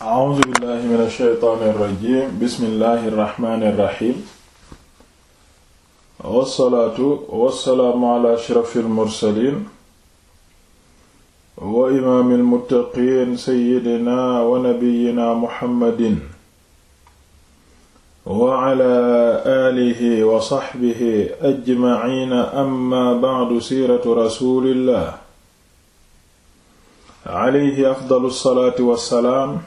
a'uuzu billahi min ash-shaytaani irrajim bismillahi irrahmani irrahim wassalaatu wassalaamu ala ashrafi almursalin wa imaami almuttaqiin sayyidina wa nabiyina muhammadin wa ala aalihi wa saxbihi ajmaciina amma bacdu siiratu rasulillah alayhi afdalu salaatu wassalaam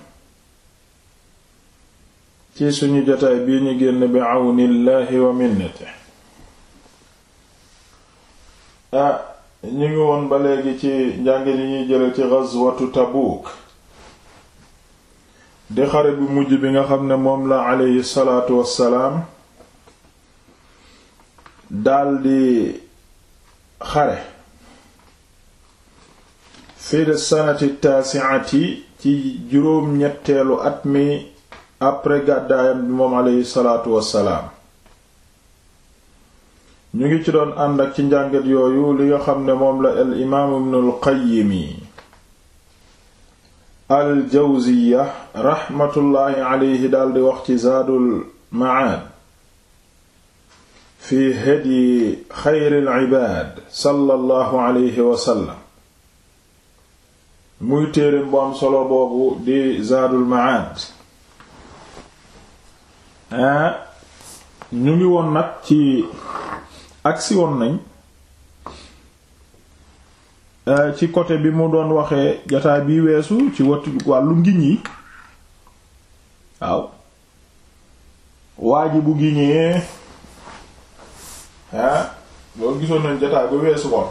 ci suñu jotaay bii ñu génn bi àwnillaahi wa minnati ñu ngi woon ba léegi ci njàng yi ñuy jële ci gazwatu tabuuk di xare bu mujj bi nga xam ne moom la aleyhi salaatu wassalaam daldi xare fii de sanati taasiati ci juróom ñetteelu at mi après gàddaayam bi moom aleyhi salaatu wassalaam ñu ngi ci doon ànd ak ci njàngat yooyu li nga xam ne moom la al imaam ibnul qayyimi al jawziya raxmatullaahi aleyhi daldi wax ci zaadul macaad fi hadyi xayril ibaad sallallahu alayhi wa muy téereem bu am solo boobu di zaadul macaad Ah, ñu ngi woon nag ci agsi woon nañ ah, ci côté bi mu doon waxee jataay bi weesu ci watu wàllu ngiñ yi waaw waa ji bu giñee ah loolu gisoon nañ jataay ba weesu woon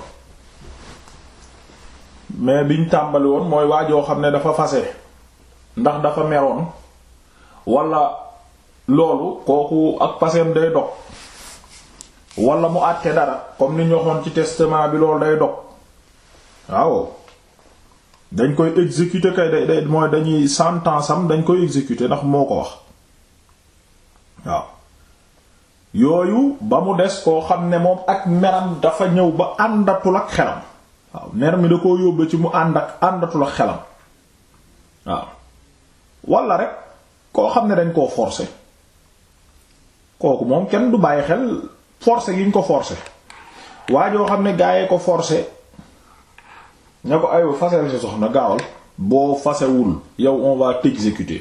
mais biñ tàmbali woon mooy waajoo xam ne dafa fase ndax dafa meroon wala loolu kooku ak paseem day dog wala mu àtte dara comme ni ñu waxoon ci testament bi loolu day dog waaw dañ koy exécuter kay day day mooy dañuy sentence am dañ koy exécuter ndax moo ko wax waaw yooyu ba mu des koo xam ne moom ak meram dafa ñëw ba àndatul ak xelam waaw mer mi da koo yóbbe ci mu ànd ak àndatul ak xelam waaw wala rek koo xam ne dañ koo forcer kooku moom kenn du bàyyi xel force gi ñu ko forcé waa joo xam ne gaayee ko forcé ña ko ayo fasel sa soxna gaawal boo fasewul yow on va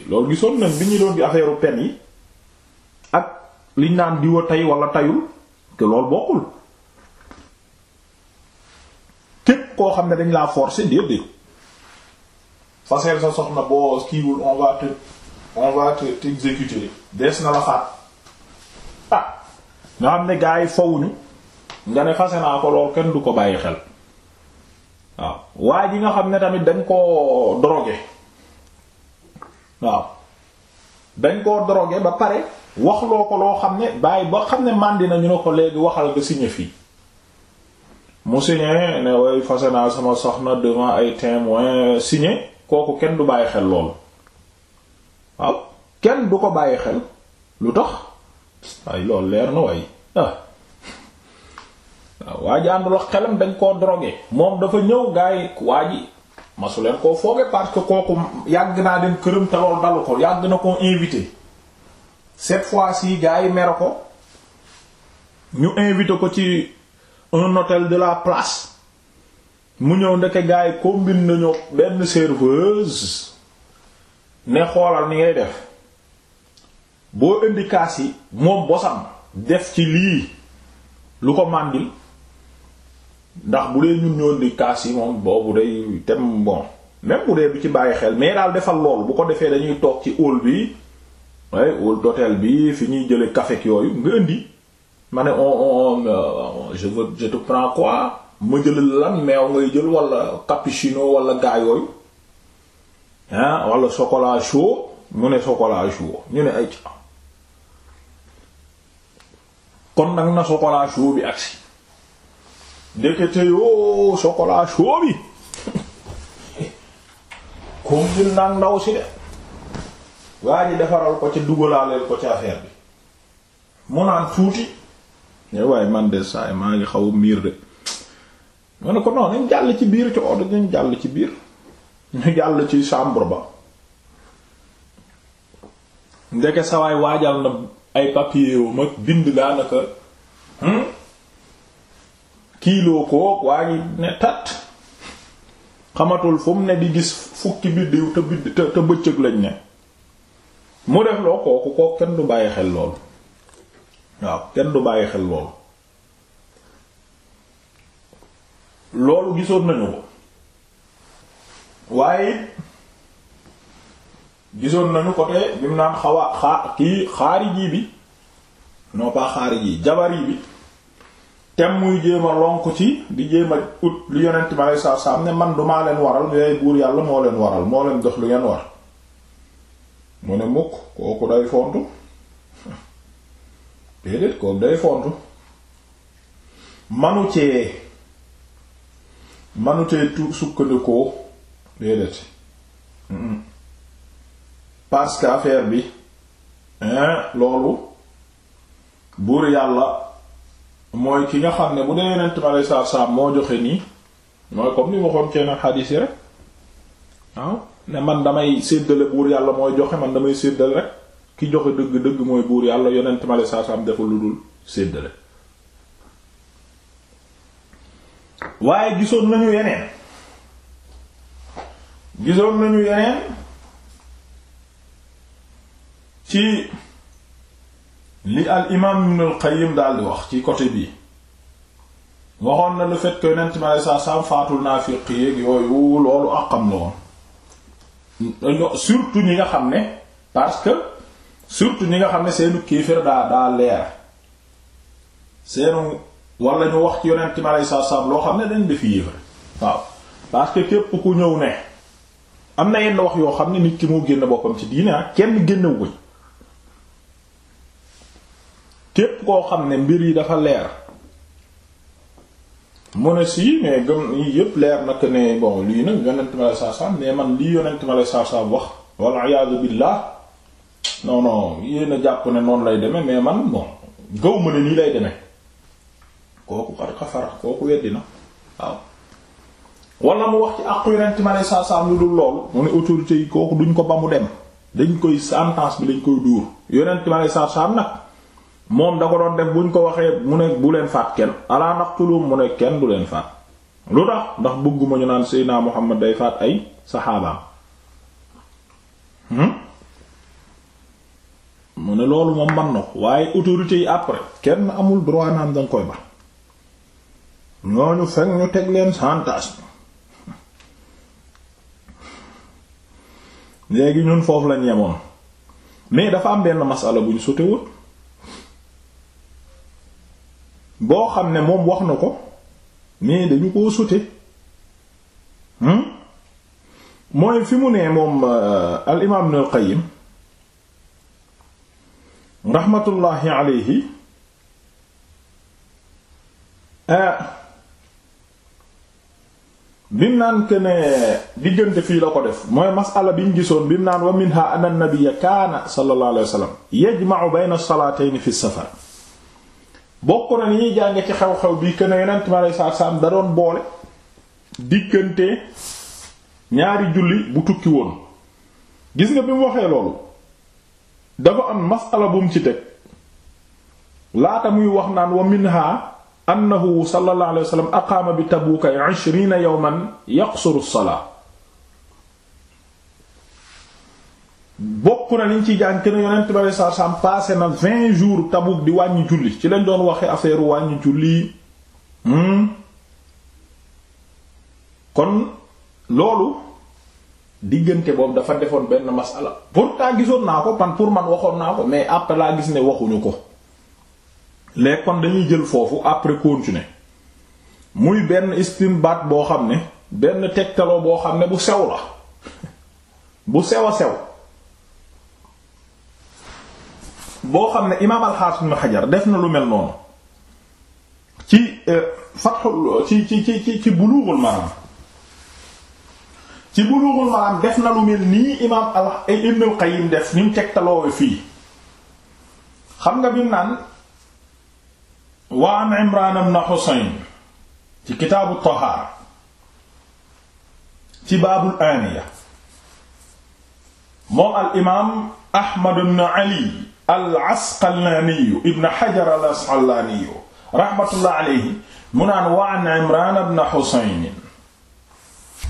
loolu gisoon nañ bi ñu doon di affaire pen yi ak liñ naan diwa tay wala tayul te loolu bokkul képp koo xam ne dañ laa forcer déedéet faseel sa soxna boo kiiwul on te on te t'exécuter des na la faat nga xam ne gaa yi fawuñu nga ne fase naa ko lool kenn du ko bàyyi xel waaw waa ji nga xam ne tamit dañ koo drogué waaw dañ koo drogué ba pare waxloo ko loo xam ne bàyyi ba xam ne màndi nañu ne ko léegi waxal nga signé fii mu signé ne way fase naa sama soxna devant ay témoins signé kooku kenn du bàyyi xel loolu waaw kenn du ko bàyyi xel lu tax ay loolu leer na way waaw ah. ah, waa ji àndul xelam dañ koo drogué moom dafa ñëw gars yi waa ji masu koo fooge parce que kooku yàgg naa dem këram te loolu dalu ko yàgg na koo invité set fois-ci gars yi mere ko ñu invité ko ci un hôtel de la place mu ñëw ndeke gars yi combine nañu benn serveuse ne xoolal ni ngay def boo indi yi moom bosam def ci lii lu ko màndil ndax bu dee ñun ñoon di kaas yi moom boobu day tem bon même bu dee du ci bàyyi xel mais daal defal loolu bu ko defee dañuy toog ci hall bi waaye hall d'hôtel bi fi ñuy jële café yooyu nga indi ma ne on on euh, je veux je te prends quoi ma jëlal lan meew ngay jël walla cappuccino wala gaa yooyu ah wala chocolat chaud mu ne chocolat chaud ñu ne ay kon na chocolat chaud bi agsi ndekete yoo chocolat chaud bi comme dil si de waa defaral ko ci dugalaaleel ko ci affaire bi mu naan tuuti ne waaye man de saay maa ngi xaw miir de ma ne ko non nañ jàll ci biir ci oto nañ jàll ci biir ñu jàll ci chambre ba ndeke sawaay waajal na ay papier yoo mag bind daanaka hmm? kiiloo ko waa ne tat xamatul fu mu ne di gis fukki biddiw te bidd te bëccëg lañ ne mu def loo kooku kooku kenn du bàyyi xel loolu waaw kenn du bàyyi xel loolu loolu gisoon nañu ko waaye gisoon nañu côté bi mu naan xawa xaa kii jii bi non pas xaariji yi bi tem muy jéem a lonk ci di jéem a ut lu yonent mi alei satu salaam ne man dumaa leen waral yooyu buur yàlla moo leen waral moo leen jox lu ngeen war mu ne mukk kooku day fontu déedéet kooku day fontu manu cee manu cee tu sukkandikoo déedéet parce que affaire bi loolu buur yàlla mooy ki nga xam ne bu dee yonent bi aleyhi moo joxe nii mooy comme ni waxoon cee nag xadiis yi rek waaw ne man damay séddale buur yàlla mooy joxe man damay séddale rek ki joxe dëgg dëgg mooy buur yàlla yonent bi aleyhi salaatu lu dul séddale waaye gisoon nañu yeneen gisoon nañu yeneen ci li al imaam Ibn al Qayyim daal di wax ci côté bii waxoon na lu fait que yonent ma saa saam faatul naafiq yeeg yooyu loolu àqam la woon surtout ñi nga xam ne parce que surtout ñi nga xam ne seenu kéefër daa daa leer seenu wala ñu wax ci yonent ma saa saam loo xam ne dañ def yéefër waaw parce que képp ku ñëw ne am na yenn wax yoo xam ne nit ki moo génn boppam ci diine ah, kenn génnewu ko képp koo xam ne mbir yi dafa leer mu ne sii mais gëm yii yépp leer nag ne bon lii nag yonent ma la saasam mais wax walla iyaadu billaah non non a jàpp ne noonu lay deme mais man bon gaw ma ne nii lay deme kooku xafara kooku weddi waaw wala mu wax ci àqu yonent ma la saasam lu dul loolu mu ne autorité yi kooku duñ ko ba mu dem dañ koy sentence bi dañ koy dóor yonent ma la saasam nag moom da ko doon def buñ ko waxee mu ne bu leen faat kenn ala naqtulum mu ne kenn du leen faat lu tax ndax bëgguma ñu naan Seydina Muhammad day faat ay saxaabaam hmm? mu ne loolu moom man na waaye autorités yi après kenn amul droit naan danga koy ba ñooñu fekk ñu teg leen santas léegi ñun foofu lañ yemoon mais dafa am benn masala bu ñu sotewul boo xam ne moom wax na ko mais dañu koo sute hmm? mooy fi mu ne moom euh, al imaam Ibn al Qayyim raxmatullaahi alayhi euh, bim naan ke ne diggante fii la ko def mooy masala biñ gisoon bim naan wa minha anna nabiyya kaana sallallahu alayhi wa sallam yajma'u bayna as-salatayni fi as-safar bokk na ni ñuy jànge ci xew-xew bi kën ne yonent mi alayhi salaatu da doon boole diggante ñaari julli bu tukki woon gis nga bi mu waxee loolu dafa am masala bu mu ci teg laata muy wax naan wa minha annahu sallallahu alayhi wa sallam aqaama bi tabuuka 'ishrina yawman yaqsuru as-salaa bokk na liñ ciy jàng kenn yonent bi sallallahu alayhi wasallam passé na vingt jours Tabuk di wàññi julli ci lañ doon waxe affaire wàññi julli hmm? kon loolu diggante boobu dafa defoon benn masala pourtant gisoon naa ko pan pour man waxoon naa ko mais après laa gis ne waxuñu ko léegi kon dañuy jël foofu après continuer muy benn istinbaat boo xam ne benn tegtaloo boo xam ne bu sew la bu sew a sew boo xam ne imaam alxaafis ibn xajar def na lu mel noonu ci euh, fatxul ci ci ci ci buluuxul maanaam ci buluuxul maanaam def na lu mel nii imaam al ibnul qayyim def ni mu tegtaloowe fii xam nga bi naan wa an imran ahmad ibn ali al asqalaaniyu ibn hajar al asqalaaniyu rahmatullah alayhi mu naan wa an imran ibn husayn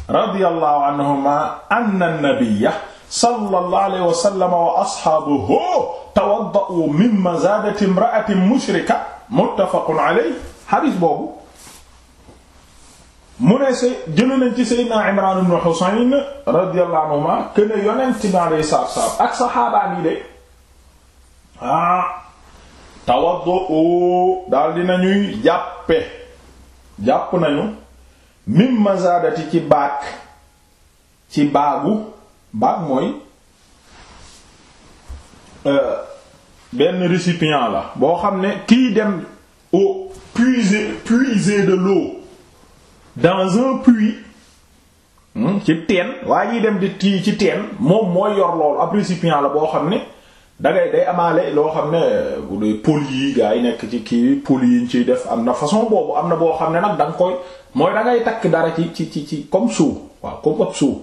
radiyallahu anhuma anna nabiyya sallallahu alayhi wa sallam wa ashaabuhu tawadda'u min mazaadati imra'atin mushrika muttafaqun alayhi hadith boobu mu ne se jëlee nañ ci Seydina Imraan ibn Husayn radiyallahu anhuma kenn yonent bi alayhi salaatu wa salaam ak saxaabaan yi de ah tawaddu daal dina ñuy jàppe jàpp nañu mim mazadati ci baag ci baagu baag mooy euh, benn récipient la boo xam ne kiy dem au puiser puiser de l'eau dans un puits hmm, ci teen waa ñuy dem di tii ci teen moom mooy yor loolu ab récipient la boo xam ne dangay day amaale loo xam ne bu dee yi gaa yi nekk ci kii pôles yi ñu ciy def am na façon boobu am na boo xam ne nag da nga koy mooy da takk dara ci ci ci ci comme suuf waaw comme ab suuf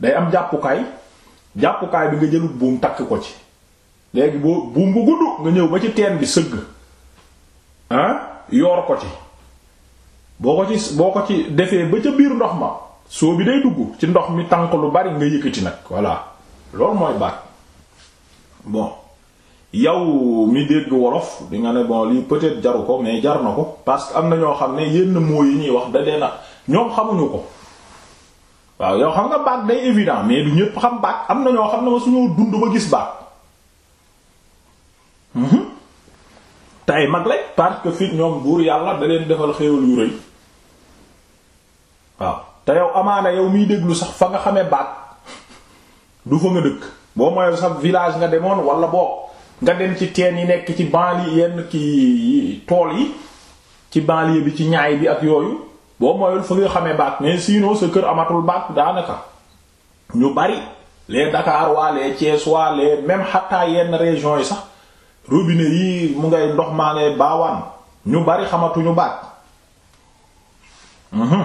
day am jàppukaay jàppukaay bi nga jëlut buum takk ko ci léegi boo buum bu gudd nga ñëw ba ci teen bi sëgg ah yoor ko ci boo ko ci boo ko ci defee ba ca biir ndox ma soo bi day dugg ci ndox mi tànk lu bari nga yëkkati nag voilà loolu mooy baat. bon yow mi dégg wolof di nga ne bon lii peut-être jaru ko mais jar na ko parce que am na ñoo xam ne yenn mots yi ñuy wax da dee ñoom xamuñu ko waaw yow xam nga baat day évident mais du ñëpp xam baat am na ñoo xam ne ma suñoo dund ba gis baat mhm. tay mag lañ parce que fi ñoom buur yàlla da leen defal xéewal yu rëy waaw te yow amaana yow miy déglu sax fa nga xamee baat du fa nga dëkk boo mooy sa village nga demoon walla boo nga dem ci teen yi nekk ci banlieue yenn kii tool yi ci banlieue bi ci ñaay bi ak yooyu boo mooyul fa nga xamee baat mais sinon sa kër amatul baat daanaka ñu bari les Dakar waa les Thiès waa les même xataa yenn région yi sax robinet yi mu ngay ndox maanee baawaan ñu bari xamatuñu baat mhm.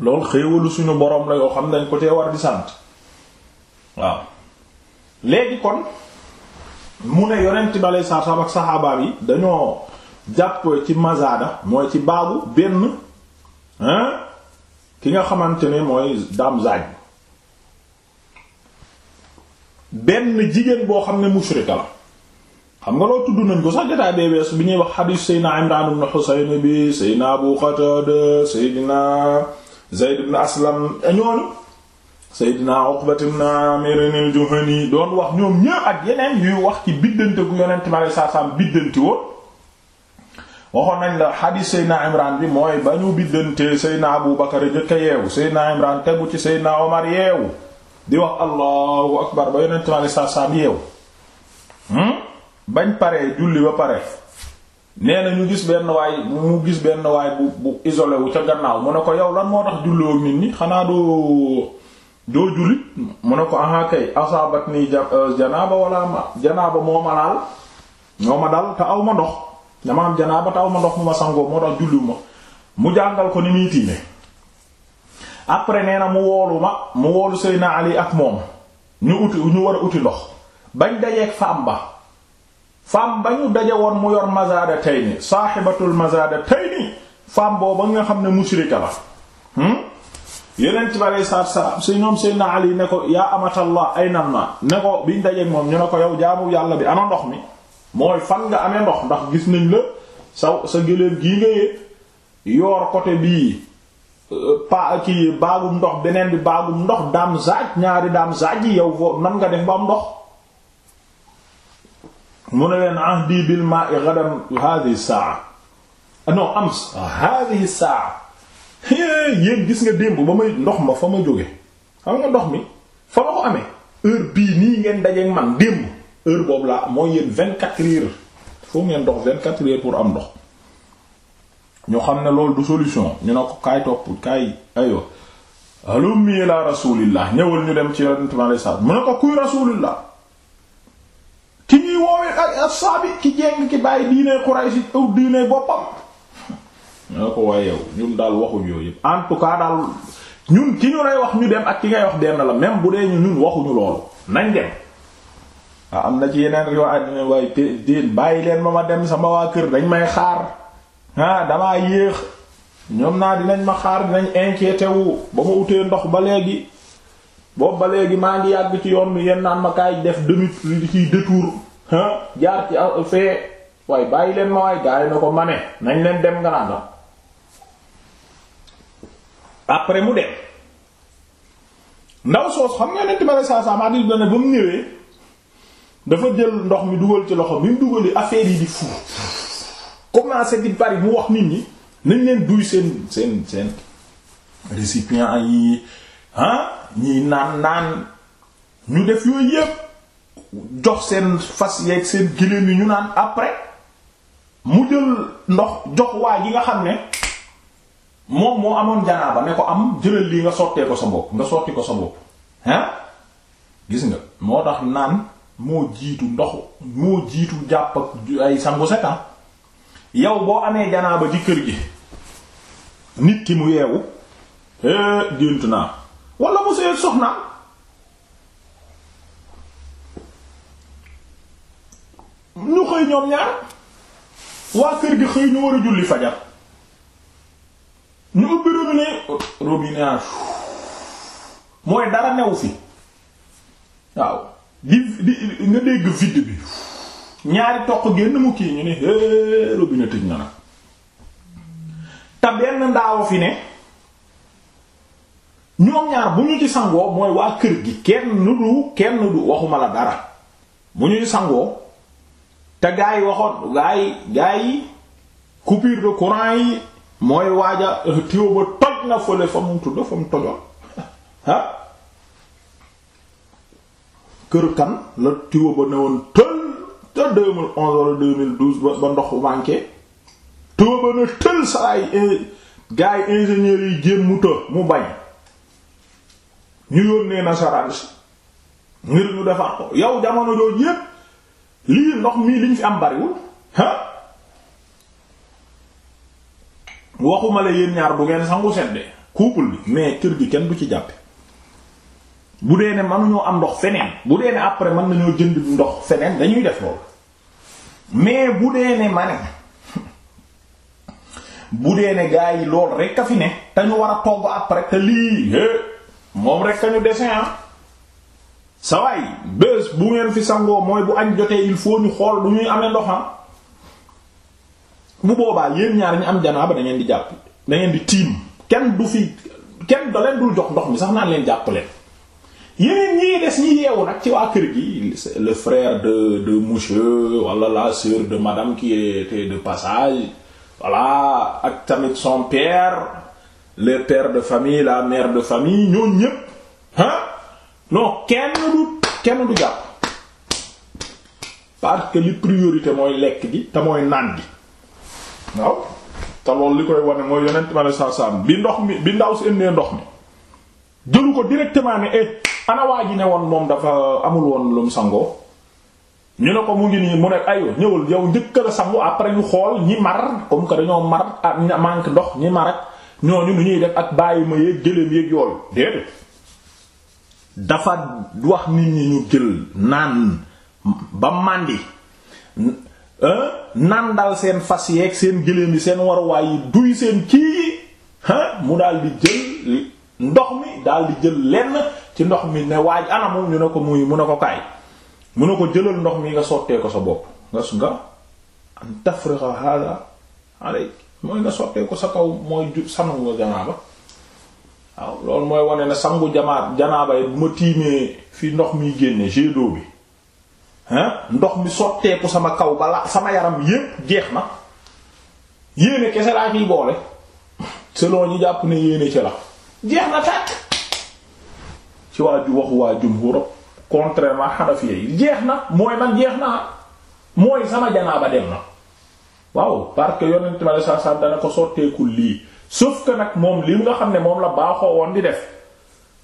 loolu xéewalu suñu borom la yoo xam dañ ko cee war di sant waaw léegi kon mu ne yonent bi alei satu ak saxaabaam yi dañoo jàpp ci mazada mooy ci baagu benn ki nga xamante ne mooy daam zaaj benn jigéen boo xam ne mushrika la xam nga loo tudd nañ ko sax bee weesu bi ñuy wax xadiis seydina imran ibn xusayn bi seydina abu qatada seydina zayd ibn aslam ñoonu Seydina Uqbat ibn Amir al-Juhani doon wax ñoom ñëpp ak yeneen yuy wax ci biddante gu yonent ma lay biddanti woon waxoon nañ la xadiis Seydina Imran bi mooy ba ñu biddante Seydina Abu Bakar jëkk a yeewu Seydina Imran tegu ci Seydina Omar yeewu di wax allahu akbar ba yonent ma lay yeewu hmm? bañ paree julli ba pare nee na ñu gis benn waay mu gis benn waay bu bu isolé ca gannaaw mu ne ko yow lan moo tax julloo nit ñi xanaa doo doo jullit mu ne ko aha kay asaabat nii euh, janaaba wala ma janaaba moo ma laal moo ma dal te aw ma ndox dama am janaaba te ma ndox mu ma sangoo moo tax julliwuma mu jàngal ko ni muy tiime après nee na mu woolu ma mu woolu Seydina Ali ak moom ñu uti ñu war a uti ndox bañ dajeeg faam ba faam ba ñu daje woon mu yor mazaada tey ni saaxibatul mazaada tey ni faam booba nga xam ne musrika la hmm? yeneen ci bari saar saar si ñoom Seydina Ali ne ko yaa amatallah ay nan naa ne ko biñ dajeeg moom ñu ne ko yow jaamu yàlla bi ana ndox mi mooy fan nga amee ndox ndax gis nañ la sa sa gii nga yéeg yoor côté bii euh, pa ci baagum ndox beneen bi baagum ndox daam zaaj ñaari daam zaaj yi yow foofu nan nga def ba am ndox mu ne leen ahdi bil ma'i ghadan hadhihi sa'a ah, non ams hadhihi sa'a yéen gis nga démb ba may ndox ma fa ma jóge xam nga ndox mi fa ma ko amee heure bii nii ngeen dajeeg man démb heure boobu laa mooy yéen vingt quatre heures foo ngeen dox vingt quatre heures pour am ndox ñoo xam ne loolu du solution ñu ne ko kaay topp kaay aywa halum ila rasulillah ñëwal ñu dem ci yonentmale sa mu ne ko kuy rasulillah ki ñuy woowee ak as ki jéng ki bàyyi diine Quraysh aw diine boppam ñoo ko waaye ñun daal waxuñ yooyu yëpp en tout daal ñun ki ñu ay wax ñu dem ak ki ngay wax denn la même bu dee ñun waxuñu loolu nañ dem waaw am na ci yeneen riwaay ne waaye déen bàyyi leen ma ma dem sama waa kër dañ may xaar ah damaa yéex ñoom naa dinañ ma xaar dinañ inquiété wu ba ma utee ndox ba léegi boobu ba léegi maa ngi yàgg ci yoon bi yenn naan ma kaay def demi ciy détour ah jaar ci fee waaye bàyyi leen ma waaye gars yi na ko ma ne nañ leen dem nga après mu dem ndaw soos xam nga yonent bi alayhi salaam hadis bi ne ba mu ñëwee dafa jël ndox mi dugal ci loxo mi mu dugal affaire yi di fu commencé di bari mu wax nit ñi nañ leen duy seen seen seen récipient yi ah ñiy naan naan ñu def yooyu yépp jox seen fas yeeg seen gëléem yi ñu naan après mu jël ndox jox waa ji nga xam ne moom moo amoon janaaba ne ko am jëlal lii nga sottee ko sa bopp nga sotti ko sa bopp ah gis nga moo tax naan moo jiitu ndoxu moo jiitu jàpp ak ay sangu set ah. yow boo amee janaaba di kër gi nit ki mu yeewu eh, gént naa wala mu sëyeet soxna ñu xëy ñoom ñaar waa kër gi xëy ñu war a julli fajar ñu ubbi robinet robinet ah, mooy dara new fi waaw di di nga dégg vide bi ñaari toq génn mu kii ñu ne hee robinet tëj na nag te benn ndaaw fi ne ñoom ñaar bu ñu ci sangoo mooy waa kër gi kenn du kenn du waxuma la dara bu ñu ci sangoo te gaa yi waxoon gaa yi gaa yi coupure de courant yi mooy waaja euh, tiwo ba toj na fële fa mu tudd fa mu tojoon ah kër kan la tiwo ba ne woon tël te 2011 wala 2012 ba ba ndox manqué tiwo ba ne tël saa yi euh, gars yi ingénieurs yi jéem mu të mu bañ ñu yónnee nasaraan si ngir ñu defar yow jamono jooju yépp lii ndox mii liñ fi am bariwul waxuma la yéen ñaar bu ngeen sangu sedde couple bi mais kër gi kenn bu ci jàppe bu dee ne mënuñoo am ndox feneen bu dee ne après mën nañoo jënd ndox feneen dañuy def loolu mais bu dee ne ma bu dee ne gaa yi lool rek a fi ne te ñu war a togg après te lii moom rek a ñu desin ah sa bés bu ngeen fi sangoo mooy bu añ jotee il faut ñu xool du ñuy amee ndox ah bu boobaa yéen ñaar ñu am janaaba da ngeen di jàpp da ngeen di tiim kenn du fi kenn da dul jox ndox mi sax naan leen jàpp leen yéen ñii des ñi yeewu nag ci waa kër gi le frère de de monsieur wala la sœur de madame qui était de passage voilà ak tamit son père le père de famille la mère de famille ñoo ñépp ah non kenn du kenn du jàpp parce que li priorité mooy lekk gi te mooy naan gi waaw te li koy wane mooy yonent ma la saasaan bi ndox mi bi ndaw si indee ndox mi jëlu ko directement ne et eh, ana waa ji ne woon moom dafa amul woon lu mu sangoo ñu ne ko mu ngi nii mu ne aywa ñëwal yow njëkk la sangu après ñu xool ñi mar comme que dañoo mar ak ah, manque ndox ñi mar ñoo ñooñu nu ñuy def ak bàyyi ma yeeg gëléem yeeg yooyu déedéet dafa wax nit ñi ñu jël naan ba màndi. nandal seen fas yeek seen gëléem yi seen waruwaay yi duy seen kii yi ah mu daal di jël ndox mi daal di jël lenn ci ndox mi ne waaj anamu ñu ne ko muy mu ne ko kaay mu ne ko jëlal ndox mi nga sottee ko sa bopp nga su nga am tafriqa hada alay mooy nga sottee ko sa kaw mooy ju sangu janaaba waaw loolu mooy wane ne sangu jamaat janaaba yi bu ma tiimee fi ndox mi génne jet bi ndox mi sotteeku sama kaw balaa sama yaram yépp jeex na yéene kese laa ciy boole selon ñi jàpp ne yéene ci la jeex na takk ci waa ju waxu waa jumhur contrairement Hanafi yi jeex na mooy man jeex na mooy sama ba dem na waaw parce que yonent ma saa saa dana ko sotteekul lii sauf que nag moom li nga xam ne moom la baaxoo woon di def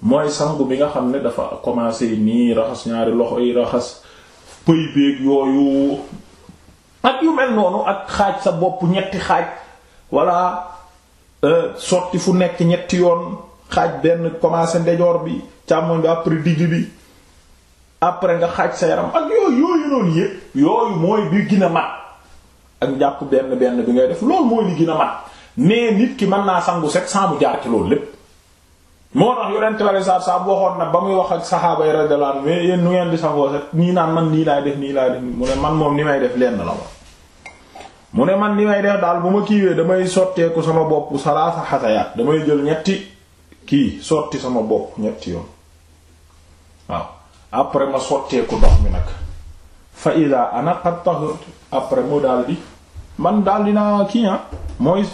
mooy sangu bi nga xam ne dafa commencé nii raxas ñaari loxo yi raxas pëy beeg yooyu ak yu mel noonu ak xaaj sa bopp ñetti xaaj walla euh, sotti fu nekk ñetti yoon xaaj benn commencé ndejoor bi càmmoñ bi après digg bi après nga xaaj sa yaram ak yooyu yooyu noonu yépp yooyu mooy bi gën a mat ak njàpp benn benn bi ngay def loolu mooy li gën a mat mais nit ki mën naa sangu set sans jaar ci loolu lépp moo tax yonent la rek saab waxoon nag ba muy wax ak saxaaba yi radiyallahu mais eh, yéen nu ngeen di sax sangoo sax nii naan man nii laay def nii laay def mu ne man moom ni may def lenn la ma mu ne man ni may def daal bu ma kiiwee damay sotteeku sama bopp salaasa xatayaat damay jël ñetti kii sotti sama bopp ñetti yoon waaw après ma sotteeku ndox mi nag fa ida ana qad tahurtu après mu daal di man daal dinaa kii ah mooy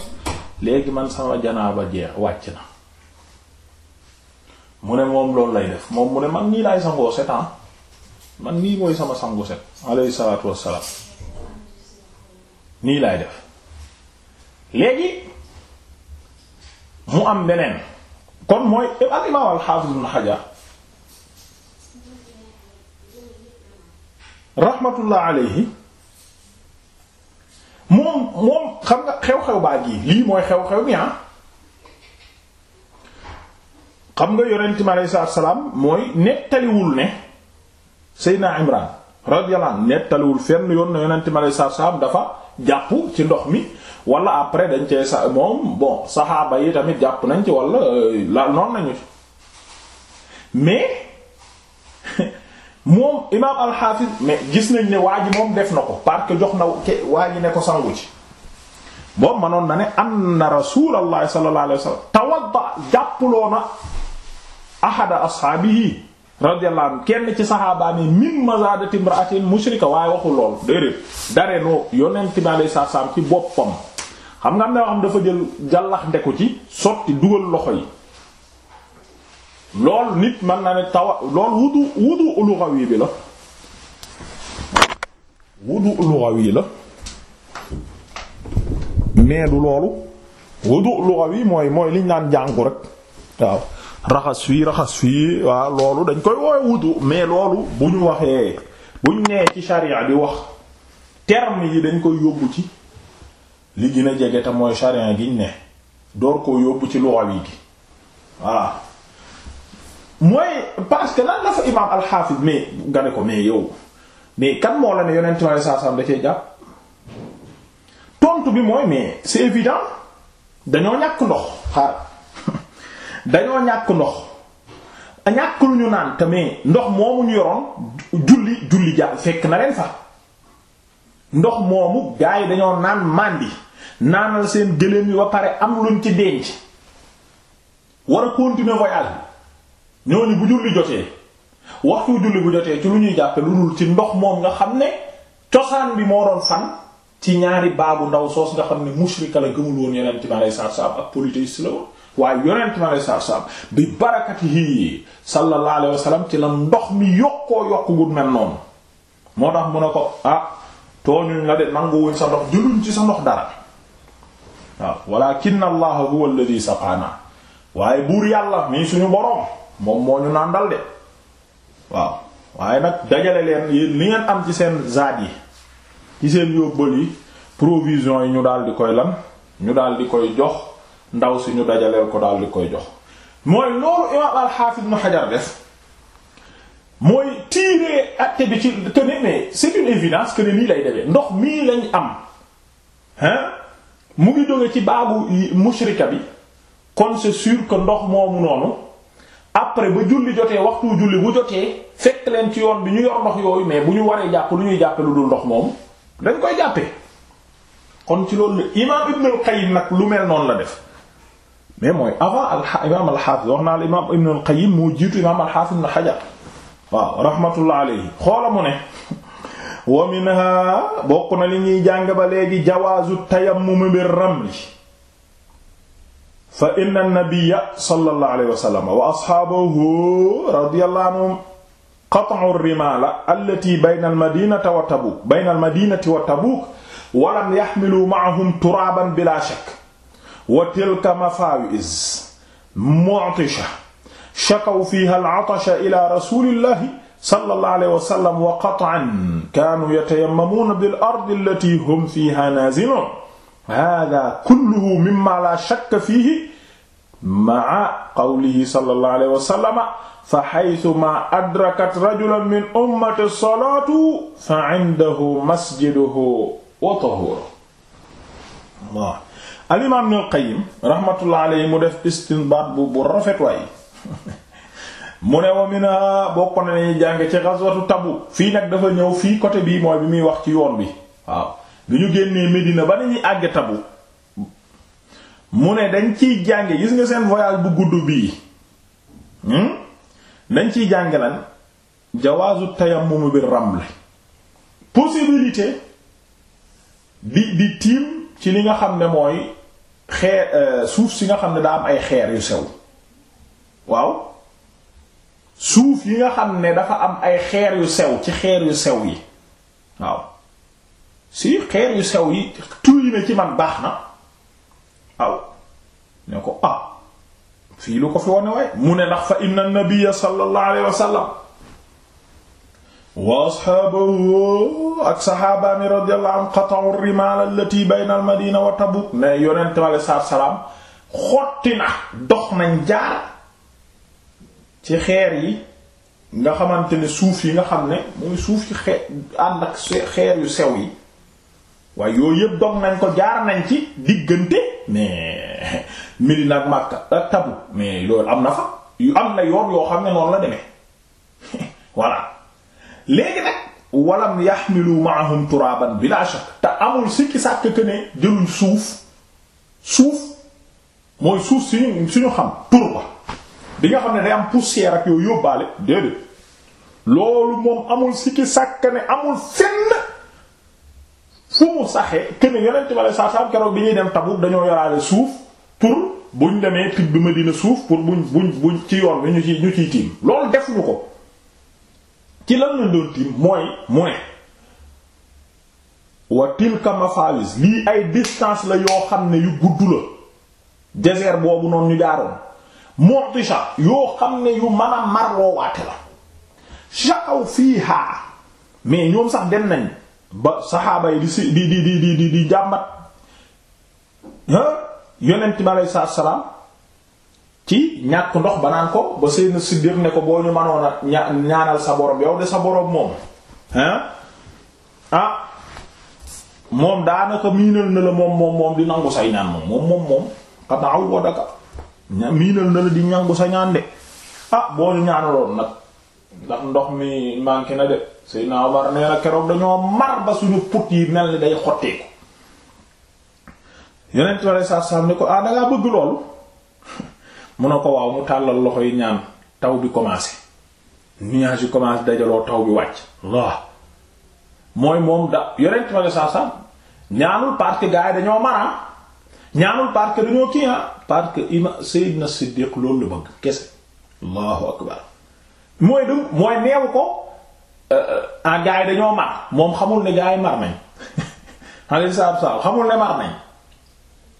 léegi man sama janaaba jeex wàcc na mu ne moom loolu lay def moom mu ne man nii laay sangoo set man nii mooy sama sangu set alayhi salaatu wassalaam nii laay def léegi mu am beneen kon mooy al imaam al xaafis ibn Hajar moom moom xam nga xew-xew baa gi lii mooy xew-xew bi ah xam nga yonent mi aleyhi salaatu salaam mooy nettaliwul ne Seydina Imran radiyallahu anhu nettaliwul fenn yoon na yonent mi aleyhi salaatu salaam dafa jàpp ci ndox mi wala après dañ cee sa moom bon saxaaba yi tamit jàpp nañ ci wala euh, mais moom imaam alxaafis gis nañ ne waa ji moom def na ko parce que jox na waa ji ne ko sangu ci boobu manoon na ne anna rasuulallahi sallallahu alayhi wasallam tawadda ahada ashaabihi radiyallahu anhu kenn ci saxaabaami min mazadati imra'atin mushrika waaye waxul lool déedéet dare loo yonent bi alayhi salaam ci boppam xam nga am na yoo xam dafa jël jàllax ndeku ci sotti dugal loxo yi lool nit mën na ne tawa lool wudu wudu lugawi bi la wudu lugawi la mais loolu wudu lugawi mooy mooy liñ naan jàngu rek waaw raxas fii raxas fii waaw loolu dañ koy woowe wutu mais loolu bu ñu waxee buñ nee ci sharia bi wax terme yi dañ koy yóbbu ci li gën a jege te mooy sharia giñ ne door yóbbu ci luwaw yi gi voilà mooy parce que lan dafa imaam alxaafis mais nga ko mais yow mais kan moo la ne yonent ma saa saam da cee jàpp tontu bi mooy mais c'est évident dañoo ñàkk ndox dañoo ñàkk ndox ñàkk lu ñu naan tamit ndox moomu ñu yoroon julli julli ja fekk na leen fa ndox moomu gaa yi dañoo naan màndi naanal seen gëléem yi ba pare am luñ ci denc war a continuer voyage bi ñooñu bu julli jotee waxtu julli bu jotee ci lu ñuy jàppe lu dul ci ndox moom nga xam ne cosaan bi moo doon fan ci ñaari baabu ndaw soos nga xam ne mushrika la gëmul woon yeneen ci ma lay saab saab ak polythéiste la woon waaye yonent mi alei satu salaam bi barakatihi sallallahu alayhi wa sallam ci la ndox mi yokkoo yokku gu mel noonu moo tax mu ne ko ah tooñuñ la de nanguwuñ sa ndox juluñ ci sa ndox dara waaw walakin allaha huwa alladhi saqaana waaye buur yàlla mii suñu boroom moom moo ñu naan dal de waaw waaye nag dajale leen li ngeen am ci seen zaad yi ci seen yóbbal yi provision yi ñu daal di koy lan ñu daal di koy jox ndaw si ñu dajaleel ko daal di koy jox mooy loolu imaam al-Hafiz Ibn def mooy tiiree acte bi ci que ne mais c'est évidence que ne nii lay demee ndox mii lañ am hein mu ngi jóge ci baabu mushrika bi kon c'est sur que ndox moomu noonu après ba julli jotee waxtu julli bu jotee fekk leen ci yoon bi ñu yor ndox yooyu mais bu ñu waree jàpp lu ñuy jàppe lu dul ndox moomu dañ koy jàppee kon ci loolu la imaam Ibn al nag lu mel noonu la def mais mooy avant al imaam al-Hafiz wax naa la imaam Ibn al-Qayyim moo jiitu imaam al-Hafiz Ibn Hajar waaw rahmatullah alayhi xoola mu ne wa minha bokk na li ñuy jàng ba léegi jawaazu tayammum bir ramli fa inna an-nabiyya sallallahu alayhi wa sallam wa ashaabahu radiyallahu anhum qata'u ar-rimaala allati bayna al-madinati wa Tabuuk bayna al-madinati wa Tabuuk wa lam yahmilu ma'ahum turaaban bilaa shakk wa tilka mafaawiz mu'tisha shakaw fiha al-'atasha ila rasulillahi sallallahu alayhi wa sallam wa qat'an kaanu yatayammamuuna bil ardi allati hum fiha naaziluun haaza kulluhu mimmaa laa shakka fiihi ma'a qawlihi sallallahu alayhi wa sallam fa haythumaa adrakat rajulan min ummati salaatu fa 'indahu masjiduhu wa tahuuruhu al imaam Ibnul Qayyim rahmatullah alayhi mu def istinbaat bu bu rafet waaye mu ne wa mina bokk na ñuy jànge ci ghazwatu Tabuk fii nag dafa ñëw fii côté bii mooy bi muy wax ci yoon bi waaw bi ñu génnee Medina ba nañuy àgg Tabuk mu ne dañ ciy jànge gis nga seen voyage bu gudd bii hmm? dañ ciy jànge lan jawaazu tayammum bir raml possibilité di di tiim ci li nga xam ne mooy xeer euh, suuf si nga xam ne daa am ay xeer yu sew waaw suuf yi nga xam ne dafa am ay xeer yu sew ci xeer yu sew yi waaw si xeer yu sew yi tuy na ci man baax na waaw ne ko ah fii lu ko fi wane waaye mu ne ndax fa inna nabiyya sallallahu alayhi wa sallam wa asxaabahu ak saxaabaami radiyallahu anhu qata'u rimaal allati bayna al madina wa Tabuk ne yonent mi salaam xotti na dox nañ jaar ci xeer yi nga xamante ne suuf yi nga xam ne mooy suuf yi xee ànd ak xeer yu sew yi waaye yooyu yëpp dog nañ ko jaar nañ ci diggante mais Medina ak Makka ak mais loolu am na fa yu am na yoon yoo xam ne noonu la deme voilà léegi walla walam yaxmilu maahum turaban bila shakk te amul sikki sàkk que ne jëluñ suuf suuf mooy suuf si suñu xam turba bi nga xam ne day am poussière ak yow yóbbaale déedéet loolu moom amul sikki sàkk ne amul fenn fu mu saxee que ne yonent bi alei satu salaam keroog bi ñuy dem Tabuk dañoo yoraale suuf pour ñu demee tib bi Madina suuf pour buñ bu buñ ci yoon bi ñu ci ñu ciy tiim loolu defuñu ko ci lan la doon tiim mooy mu ne wa tilka mafalis lii ay distance la yoo xam ne yu gudd la désert boobu noonu ñu jaaroon Mu'tisha yoo xam ne yu mën a marloo waate la shaqaw fiiha mais ñoom sax dem nañ ba saxaaba yi di si di di di di di jàmbat yonent bi aleyhi salaam ci ñàkk ndox ba naan ko ba seen Siddiq ne ko boo ñu mënoon a ñaanal sa borom yow de sa borom moom hein ah moom daanaka miinal na la moom moom moom di nangu say ñaan miinal na la di nangu sa ñaan de ah boo ñu ñaanaloon nag ndax ndox mi manqué na de Seydina Omar nee na keroog dañoo mar ba suñu put yi mel ni day xotteeku yeneen i tamit saa ne ko ah da bëgg loolu mu ne ko waaw mu tàllal loxo yi ñaan taw bi commencé nuage yi commencé dajaloo taw bi wàcc Allah mooy moom da yonent ma ne saa saa dañoo mara ñaanul parce dañoo kii ah. parce que ima Sayyidna Siddiq loolu la bëgg kese Allahu akbar euh, ah, moom xamul ne gars yi mar nañ alayhi salaatu wa salaam xamul ne mar nañ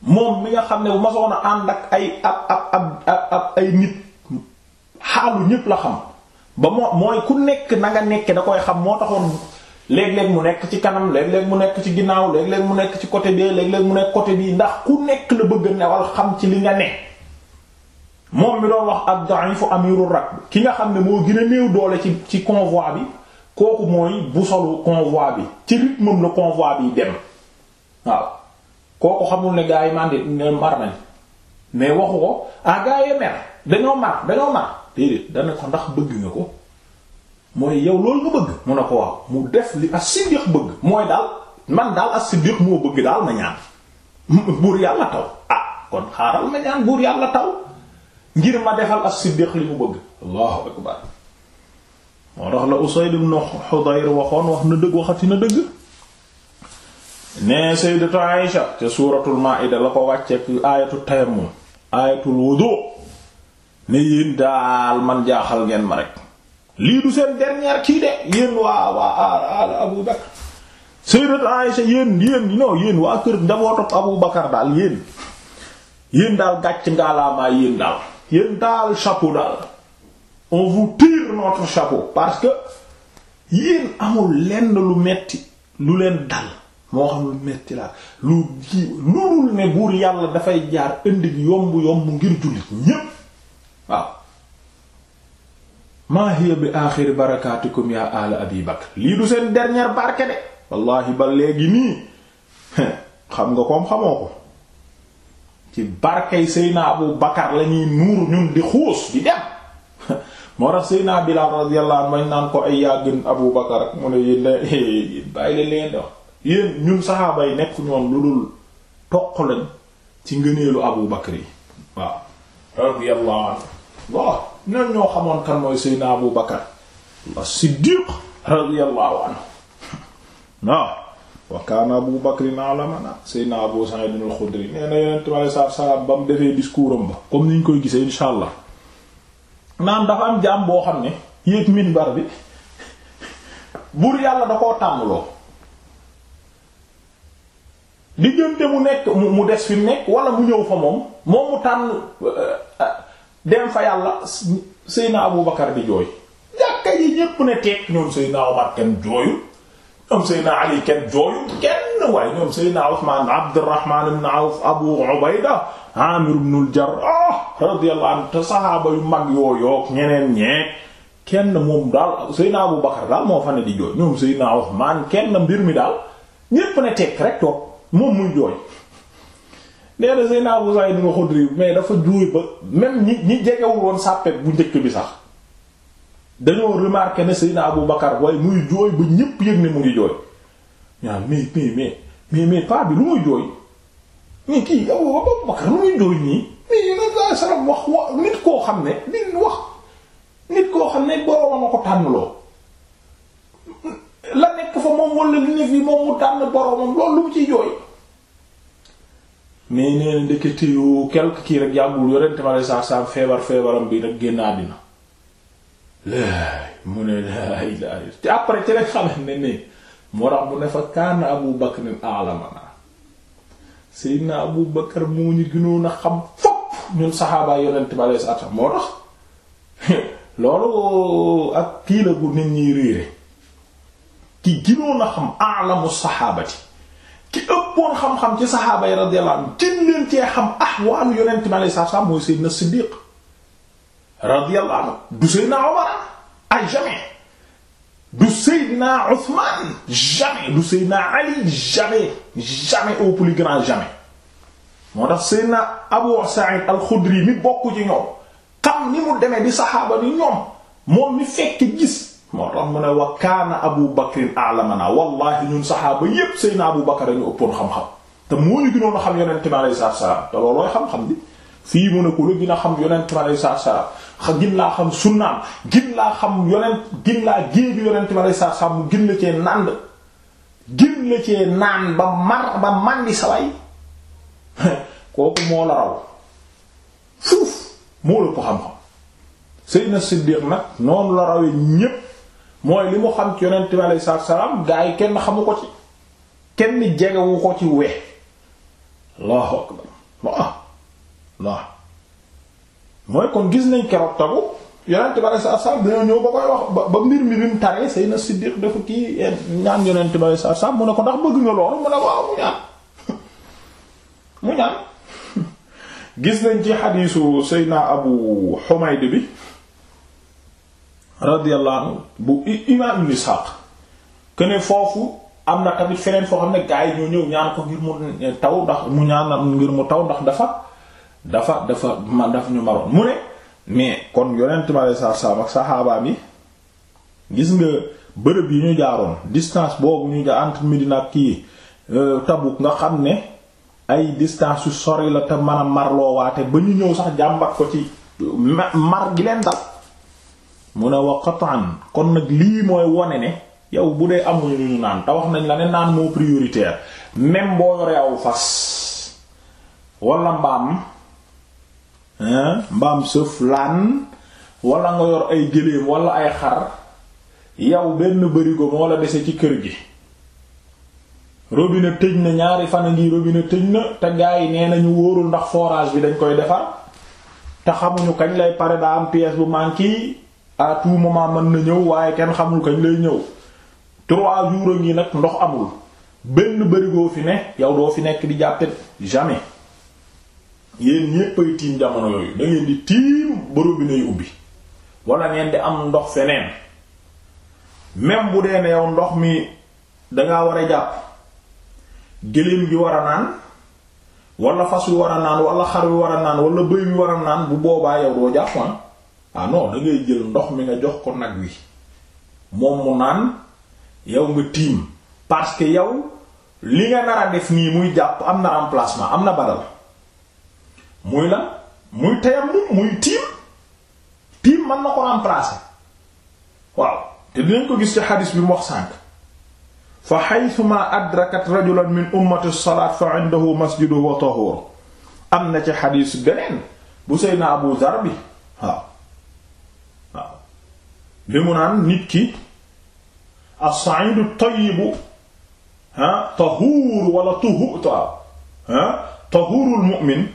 moom mi nga xam ne bu masoon a ànd ak ay ab ab ab ay nit xaalu ñépp la xam ba moo mooy ku nekk na nga nekke da koy xam moo taxoon léeg-léeg mu nekk ci kanam léeg-léeg mu nekk ci ginnaaw léeg-léeg mu nekk ci côté bi léeg-léeg mu nekk côté bi ndax ku nekk la bëgg newal xam ci li nga ne moom mi doon wax ak da'ifu amirul rakb ki nga xam ne moo gën a néew doole ci ci convoi bi kooku mooy bu solu convoi bi ci rythme la convoi bi dem waaw kooku xamul ne gaa yi mandi mar nañ mais waxu ko ah gaa yi mer dañoo mar dañoo mar déedéet dana ko ndax bëgg nga ko mooy yow loolu nga bëgg mun na ko waaw mu def li as bëgg mooy daal man daal as-Siddiq moo bëgg daal ma ñaan buur yàlla taw ah kon xaaral ma ñaan buur yàlla taw ngir ma defal as-Siddiq li mu bëgg allahu akbar moo tax la Usayd ibn Hudayr waxoon wax na dëgg waxati na dëgg ne sayyidatu Aïsha te suuratul Maa'ida la ko wàcceek aayatul tayammum aayatul wudu ne yéen daal man jaaxal ngeen ma rek lii du seen dernière kii de yéen waa waa Abu Bakar sayyidatu Aïsha yéen yéen non yéen waa kër njabootu Abu Bakar daal yéen yéen daal gàcc ngaalaamaa yéen daal yéen daal chapeau daal on vous tire notre chapeau parce que yéen amul lenn lu metti lu leen dal moo xam lu metti la lu kii loolul ne buur yàlla dafay jaar indi yomb yomb ngir jullit ñépp waaw maa bi aaxiri barakaatikum yaa aala abi bakr lii du seen dernière barke de wallahi ba léegi nii xam nga koom xamoo ko ci barkey seyna abu bakar lañuy nuur ñun di xuus di dem moo tax seyna bilaal radiyallahu anhu mañ naan ko ay yaa abu bakar mu ne bàyyi leen leen de yéen ñun saxaaba yi nekk ñoon lu dul toq lañ ci ngëneelu Abu Bakr yi waaw radiyallahu anhu waaw ñoon ñoo xamoon kan mooy Seydina Abu Bakr as-Siddiq radiyallahu anhu waaw wa kaana Abu Bakr alamana Seydina Abu Sa'id al-Khudri nee na Yonent bi alayhi salaatu ba mu defee discours am ba comme ni ñu koy gisee insha allah naan dafa am jaam boo xam ne yéeg minbar bi buur yàlla da koo tàmmaloo diggante mu nekk mu des fi nekk wala mu ñëw fa moom moom mu tànn euh, euh, dem fa yàlla Seydina Abu Bakar di jooy jàkka yi ñépp ne teeg ñoom Seydina Omar kenn jooyu ñoom Seydina Ali kenn jooyu kenn waaye ñoom Seydina Abu Ubayda Aamir ibn al-Jarraah radiyallahu anhu te saxaaba yu mag yooyook ñeneen ñeeg kenn moom daal Seydina Abu Bakar daal moo fa ne di jooy ñoom Seydina Usmaan kenn mbir mi daal ñépp ne teeg rek toog moom muy jooy nee na Seydina Abu Saïd al-Khudri mais dafa jooy ba même ñi ñi jegewul woon sàppe bu njëkk bi sax dañoo remarqué ne Seydina Abu Bakar waaye muy jooy ba ñépp yëg ne mu ngi jooy ñaa mais mais mais mais mais pas bi lu muy jooy mais kii Abu Bakar lu muy jooy nii mais yonent sallallahu alayhi wasallam wax wa nit koo xam ne nit wax nit koo xam ne boroom a ko tànnloo la nekk fa moom wala li ne fii moom mu tànn boromam loolu mu ci jooy mais nee na ndekete yoo quelque kii rek yàggul yorente ma lay saar saar feebar feebaram bi rek génn àddina laay mu ne laay laay te après ci rek xamee ne ne moo tax mu ne fa kaana Abu Bakr aalamana Seydina Abu Bakr moo ñu gënoon xam fopp ñun saxaabaa yonent ba lay saar moo tax loolu ak kii la bu nit ñiy réere ki ginoon a xam alamu saxaabati ki ëppoon xam-xam ci saxaaba yi radiyallahu anhu gën leen cee xam ahwaalu yonent mi alayhi salaatu du Seydina Umar du Seydina Ousmane du Seydina Ali moo tax Seydina Abu mi bokk ci ñoom xam ni mu demee di saxaaba ñoom moom mi fekk gis. moo tax mu ne wa kaana abu bakrin a'lamana wallahi ñun saxaaba yépp seyna abu bakar ñu ëppoon xam-xam te moo ñu gënoon a xam yonent bi alayhi salaatu fii mu ne ko lu xam yonent bi alayhi salaatu salaam gin laa xam sunnaam gin laa xam yonent gin laa géeju yonent bi alayhi salaatu mu gin la cee nànd gin la cee naan ba mar ba màndi saway kooku moo la raw fuuf moo la ko xam-xam Seydina Siddiq nag noonu la rawee ñépp mooy li mu xam ci yonent bi alayhi salaam gaa yi kenn xamu ko ci kenn jegewu ko ci weex allahu akbar waaw waaw mooy kon gis nañ keroog tabu yonent bi alayhi salaam dina ñëw ba koy wax ba mbir mi bi mu taree Seydina Siddiq dafa kii eh, ñaan yonent bi alayhi salaam mu ne ko ndax bëgg nga loolu mu ne waaw mu ñaan mu ñaan gis nañ ci xadiisu Seydina Abu Humayd bi radiyallahu anhu bu imaam ibn Ishaq këne foofu am na tamit feneen foo xam ne gaa yi ñoo ñëw ñaan ko ngir mu taw ndax mu ñaan ngir mu taw ndax dafa dafa dafa ma dafa ñu maroon mu ne mais kon yonent ma lay saa saam ak yi gis nga bërëb yi ñu jaaroon distance boobu ñu ja entre Médina ak kii euh, Tabuk nga xam ne ay distance yu sori la te mën a marloowaate ba ñu ñëw sax jàmbat ko ci mar gi leen dal mu ne wa qatan kon nag lii mooy wone ne yow bu dee amuñu lu ñu naan te wax nañ la ne naan moo prioritaire même boo yoree aw fas wala mbaam mbaam sëf laan wala nga yor ay gëléem wala ay xar yow benn bërigo moo la dese ci kër gi robinet tëj na ñaari fan a ngi tëj na te gaa yi nee nañu wóorul ndax forage bi dañ koy defar te xamuñu kañ lay pare daa am pièce bu manqué à tout mën na ñëw waaye kenn xamul kañ lay ñëw trois jours a ngi ndox amul benn bërigoo fi ne yow doo fi nekk di jàppe jamais yéen ñéppay tiim jamono yooyu da di tiim borobi ubbi wala ngeen di am ndox feneen même bu dee ne yow ndox mi dangaa war a jàpp géléem gi war a naan wala fas wi war a naan wala xar wi war a naan wala bëy wi war a naan bu boobaa yow doo jàpp ah. ah non dangay ngay jël ndox mi nga jox ko nag wi moom mu naan yow nga tiim parce que yow li nga naa a def nii muy jàpp am na remplacement am na badal muy la muy tayammum muy tiim tiim mën na ko remplacer waaw te dinañ ko gis ci xadis bi mu wax sànq fa haythuma adrakat rajulan min ummati salaat fa indahu masjidu wa am na ci xadis beneen bu seyna Abu Zar bi waaw bi mu naan nit ki as-sa'idu tayyibu ah tahuur wala tuhu ah tahuurul mu'min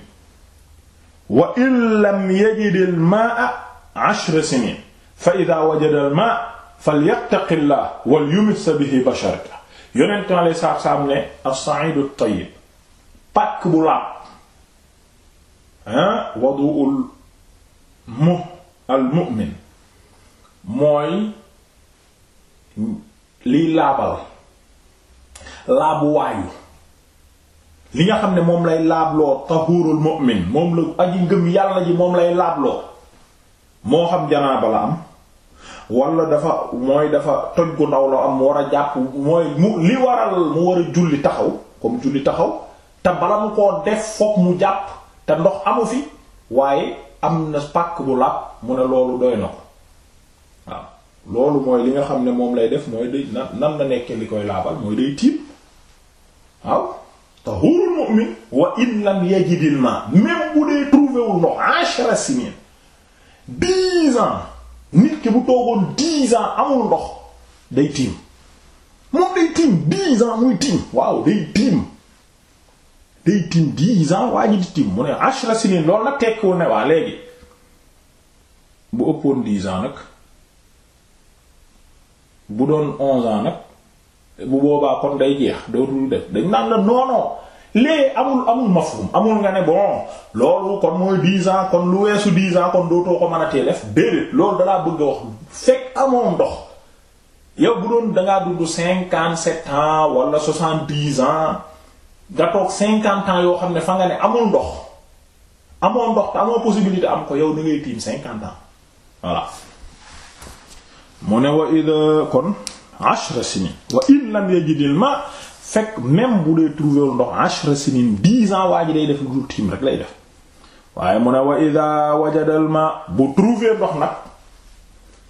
wa in lam yajid al-maa'a ashra siniin fa idhaa wajada al-maa'a falyattaqi llaah walyumis bihi basharatahu yonent na lay saab saab ne as-sa'idu tayyib pàkk bu laab ah wadu'ul mu al-mu'min mooy liy laabal laabu waayu li nga xam ne moom lay laabloo tahuurul mu'min moom la aji ngëm yàlla ji moom lay laabloo moo xam janaaba la am wala dafa mooy dafa toj gu ndaw la am mu war a jàpp mooy mu li waral mu war a julli taxaw comme julli taxaw te bala mu koo def fokk mu jàpp te ndox amu fi waaye am na pàkk bu làpp mu ne loolu doy na ko waaw loolu mooy li nga xam ne moom lay def mooy day na nan la nekkee li koy laabal mooy day tiim waaw tahurul mu'min wa in lam yajidil ma même bu dee trouvé wul no ashara sinin dix ans nit ki bu toogoon dix ans amul ndox day tiim moom day tiim dix ans muy tiim waaw day tiim day tiim dix waa ji di tiim mu ne ashara lool loolu nag tekkiwu ne waa léegi bu ëppoon dix ans nag bu doon onze ans nag bu boobaa kon day jeex dootul def dañ naan la noonoo lee amul amul mafhum amul nga ne bon loolu kon mooy dix ans kon lu weesu dix ans kon dootoo ko mën a teel def déedéet loolu dalaa bëgg wax fekk amoo ndox yow bu doon dangaa dund cinquante sept ans wala soixante dix ans nga toog cinquante ans yoo xam ne fa nga ne amul ndox amoo ndox te amoo possibilité am ko yow da ngay tiim cinquante ans voilà mu ne wa ida kon ashra sinin wa in lam yajidil ma fekk même bu dee trouvéwul ndox ashra sinin dix ans waa ji day def lu dul tiim rek lay def waaye mu ne wa ida wajadal ma bu trouvé ndox nag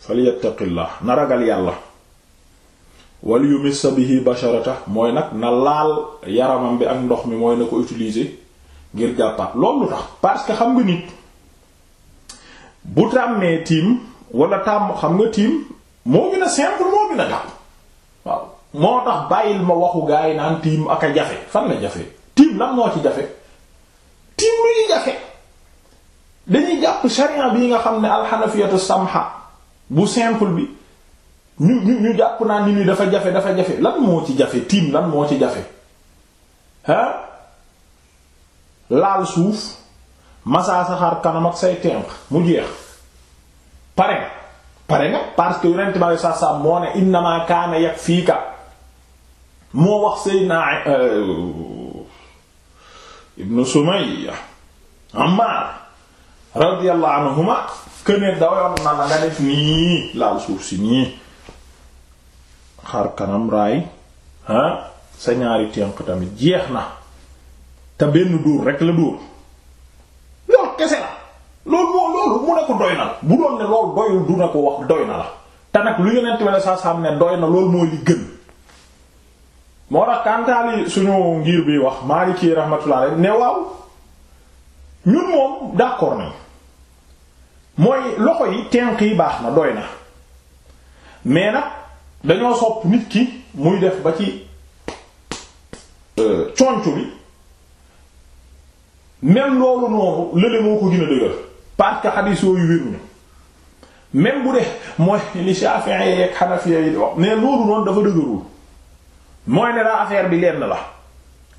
falyattaqillah na ragal yàlla wal yumissa bihi basharata mooy nag na laal yaramam bi ak ndox mi mooy na ko utiliser ngir jàppaat loolu tax parce que xam nga nit bu tàmmee tiim wala tàmm xam nga tiim moo gën a simple moo gën a gàpp waaw moo tax bàyyil ma waxu gaa yi naan tiim ak a jafe fan la jafe tiim lan moo ci jafe tiim jafe dañuy jàpp sharia bi nga xam ne alxanafiyatu samha bu simple bi ñu ñu ñu jàpp naan ni dafa jafe dafa jafe lan moo ci jafe tiim lan moo ci jafe ah laal suuf masaa saxaar kanam ak say tenq mu jeex pare pare nga parce que yonent bi saa saa moo ne innama kaana yakfiika moo wax Seydina euh, Ibn Sumayya Ammaar radiyallahu anhuma këne dawoon na la nga def nii laal suuf si nii xar kanam raay ah sa ñaari tenq tamit jeex na te benn dóor rek la dóor lool kese la loolu moo loolu mu ne ko doy na la bu doon ne loolu doyul du na ko wax doy na la te nag lu yonent wala saa saam ne doy na loolu mooy li gën moo tax kantaali suñu ngir bi wax Maliki rahmatullah ne waaw ñun moom d'accord nañ mooy loxo yi tenq yi baax na doy na mais nag dañoo sopp nit ki muy def ba ci euh, conc bi mel loolu noonu lële ko gën a dëgër parce que xadiis yooyu wéruñu même bu dee mooy li Shafi'i ak Hanafiya yi wax mais loolu noonu dafa dëgërul mooy ne daa affaire bi lenn la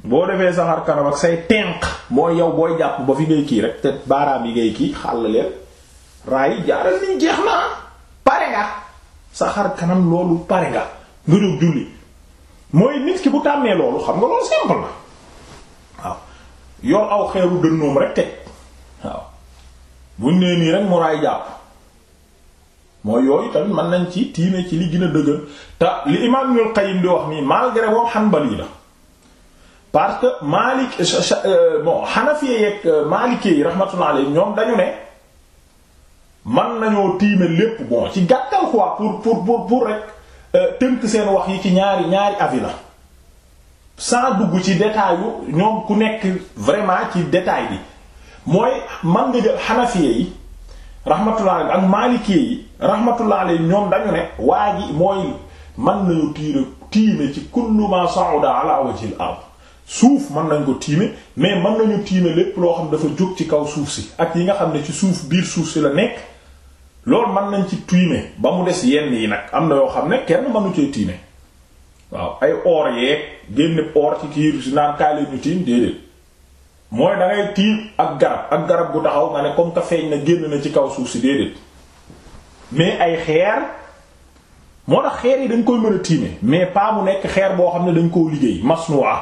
boo defee saxar kanam ak say tenq mooy yow booy jàpp ba fi ngay kii rek te baaraam yi ngay kii xàll leen raay jaaral niñ jeex na pare nga saxar kanam loolu pare nga nga jóg julli mooy nit ki bu tàmmee loolu xam nga loolu simple na waaw yor aw xeeru dënnoom rek teg waaw buñ nee nii rek mu raay jàpp mooy yooyu tamit mën nañ ci tiime ci li gën a dëgër te li imaam Ibnul Qayyim di wax nii malgré moom Hanbali la parce que Maalik euh, euh, bon Hanafi yeek euh, Maaliki yi rahmatullah ñoom dañu ne man nañoo tiime lépp bon ci gàttal quoi pour pour pour pour rek tënk seen wax yi ci ñaari ñaari avis la sans dugg ci détail yu ñoom ku nekk vraiment ci détail bi mooy man nga jël xanafiye yi rahmatullah alayhi ak maalikiye yi rahmatullah ñoom dañu ne waa ji mooy mën nañu tiire tiime ci kullu ma sa'uda ala wajhil ard suuf mën nañ ko tiime mais mën nañu tiime lépp loo xam dafa jóg ci kaw suuf si ak yi nga xam ne ci suuf biir suuf si la nekk loolu mën nañ ci tiime ba mu des yenn yi nag am na yoo xam ne kenn mënu cee tiime waaw ay or yeeg génn or ci kiir si naan kaale ñu tiim déedéet mooy da ngay tiim ak garab ak garab gu taxaw nga ne comme que feeñ na génn na ci kaw suuf si déedéet mais ay xeer moo tax xeer yi dañ koy mën a tiime mais pas mu nekk xeer boo xam ne dañ koo liggéey masnuwa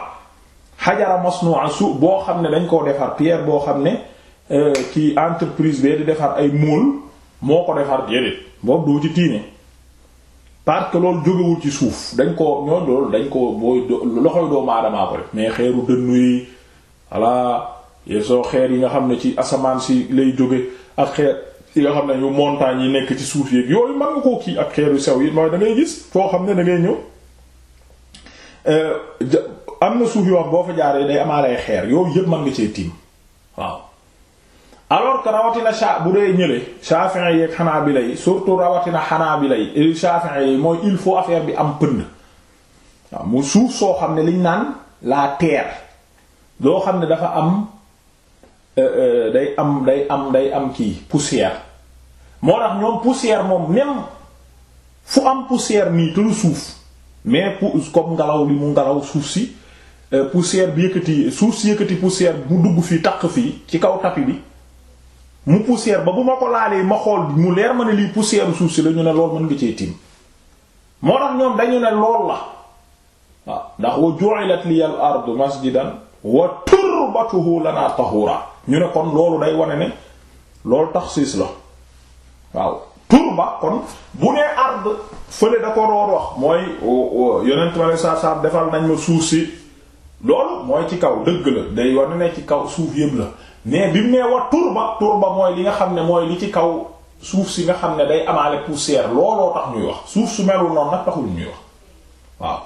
xajara masnuwa su boo xam ne dañ koo defar pierre boo xam ne euh, ci entreprise bee di defar ay mool moo ko defar déedéet boobu doo ci tiime parce que loolu jógewul ci suuf dañ ko ñoo loolu dañ ko booy loxoy doomu aadamaa ko def mais xeeru dënnu voilà yéen soo xeer yi nga xam ne ci asamaan si lay jóge ak xeer yi nga xam ne yu yi nekk ci suuf yeeg yooyu mën nga koo kii ak xeer yu sew yi mooy da ngay gis foo xam ne da ngay ñëw euh, am na suuf yoo boo fa jaaree day amaale xeer yooyu yëpp mën nga cee tiim waaw alors que rawatina bu dee ñële Shafi'i yeeg Hanabila yi surtout rawatina Hanabila yi euh, Shafi'i yi mooy il faut affaire bi am pënd waaw mu suuf soo xam ne liñ naan la terre. loo xam ne dafa am euh, euh, day am day am day am kii poussière moo tax ñoom poussière moom même fu am poussière nii te lu suuf mais comme ngelaw li mu ngelaw suuf si euh, poussière bi yëkkati suuf si yëkkati poussière mu dugg fii taq fii ci kaw tapi bi mu poussière ba bu ma ko laalee ma xool mu leer ma ne lii poussière suuf si la ñu ne lool mën nga cee tiim moo tax ñoom dañu ne lool la waaw ndax wa ju'ilat liyal ardu masjidan wa turbatuhu lanaa tahura ñu ne kon loolu day wane ne loolu taxsiis la waaw turba kon bu nee ard fële da ko doon wax mooy yeneen ma ne saar saar defal nañ ma suuf si loolu mooy ci kaw dëgg la day wane ne ci kaw suuf yëpp la mais bi mu nee wa turba turba mooy li nga xam ne mooy li ci kaw suuf si nga xam ne day amaale poussière looloo tax ñuy wax suuf su melul noonu nag taxul ñuy wax waaw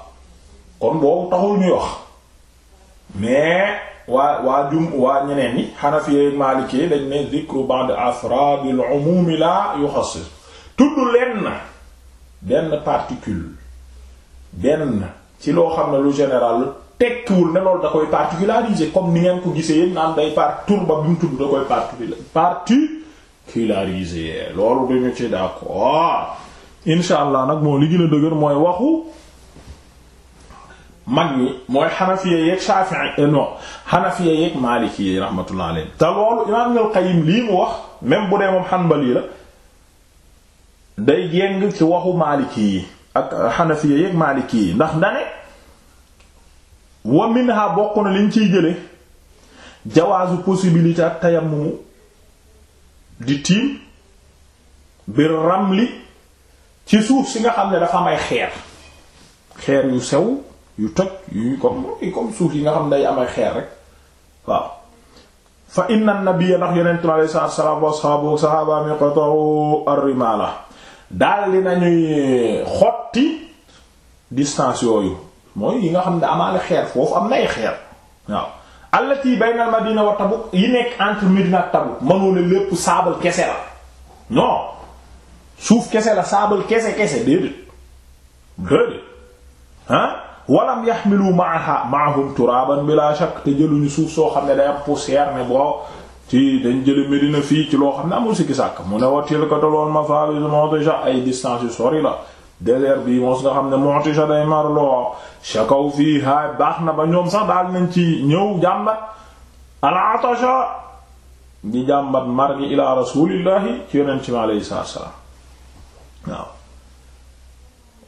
kon boobu taxul ñuy wax mais waa waa jum waa ñeneen ñi xanafiye maalikee dañ ne zikru ba'd afraadil umumi la yuxassis tudd lenn benn particule benn ci loo xam ne lu général tekkiwul ne loolu da koy particularisé comme ni ngeen ko gisee yéen naan day par turba bi mu tudd da koy particularisé loolu duñu ci d'accord insha allah nag moo li gën a dëgër mooy waxu mag ñi mooy xanafiya yeeg shafi'i eh, non xanafiya yeeg yi rahmatullah te loolu imaam Ibnul Qayyim lii mu wax même bu dee moom xanbali la day jéng ci waxu maliki yi ak xanafiya yeeg maliki yi ndax dane wa minha bokk na liñ ciy jële jawaazu possibilité ak tayammum di tiim bi ramli ci suuf si nga xam ne dafa may xeer xeer yu sew yu toj yu comme comme suuf yi nga xam ne day am ay xeer rek waaw fa inna nabiyya ndax yonent mi alayhi salaatu salaam wa ashaabu sahaaba mi qata'u ar-rimaala daal li nañuy xotti distance yooyu mooy yi nga xam ne amaale xeer foofu am na ay xeer waaw allati bayna al-madina wa Tabuk yi nekk entre Medina ak Tabuk mënoo ne lépp saabal kese la non suuf kese la saabal kese kese déedéet déedéet ah walam yaxmilu maaha maahum turaban bila shakk te jëluñu suuf soo xam ne day am poussière ne boo ci dañ jële Medina fii ci loo xam ne amul sikki sàkk mu ne watil ko taloon ma fabi Mu'tasha ay distance yu sori la désert bi moos nga xam ne Mu'tasha day marloo shakaw fii haa baax na ba ñoom sax daal nañ ci ñëw jàmbat al-atasha di jàmbat mar gi ila rasulillahi ci yonent mi alayhi salaam waaw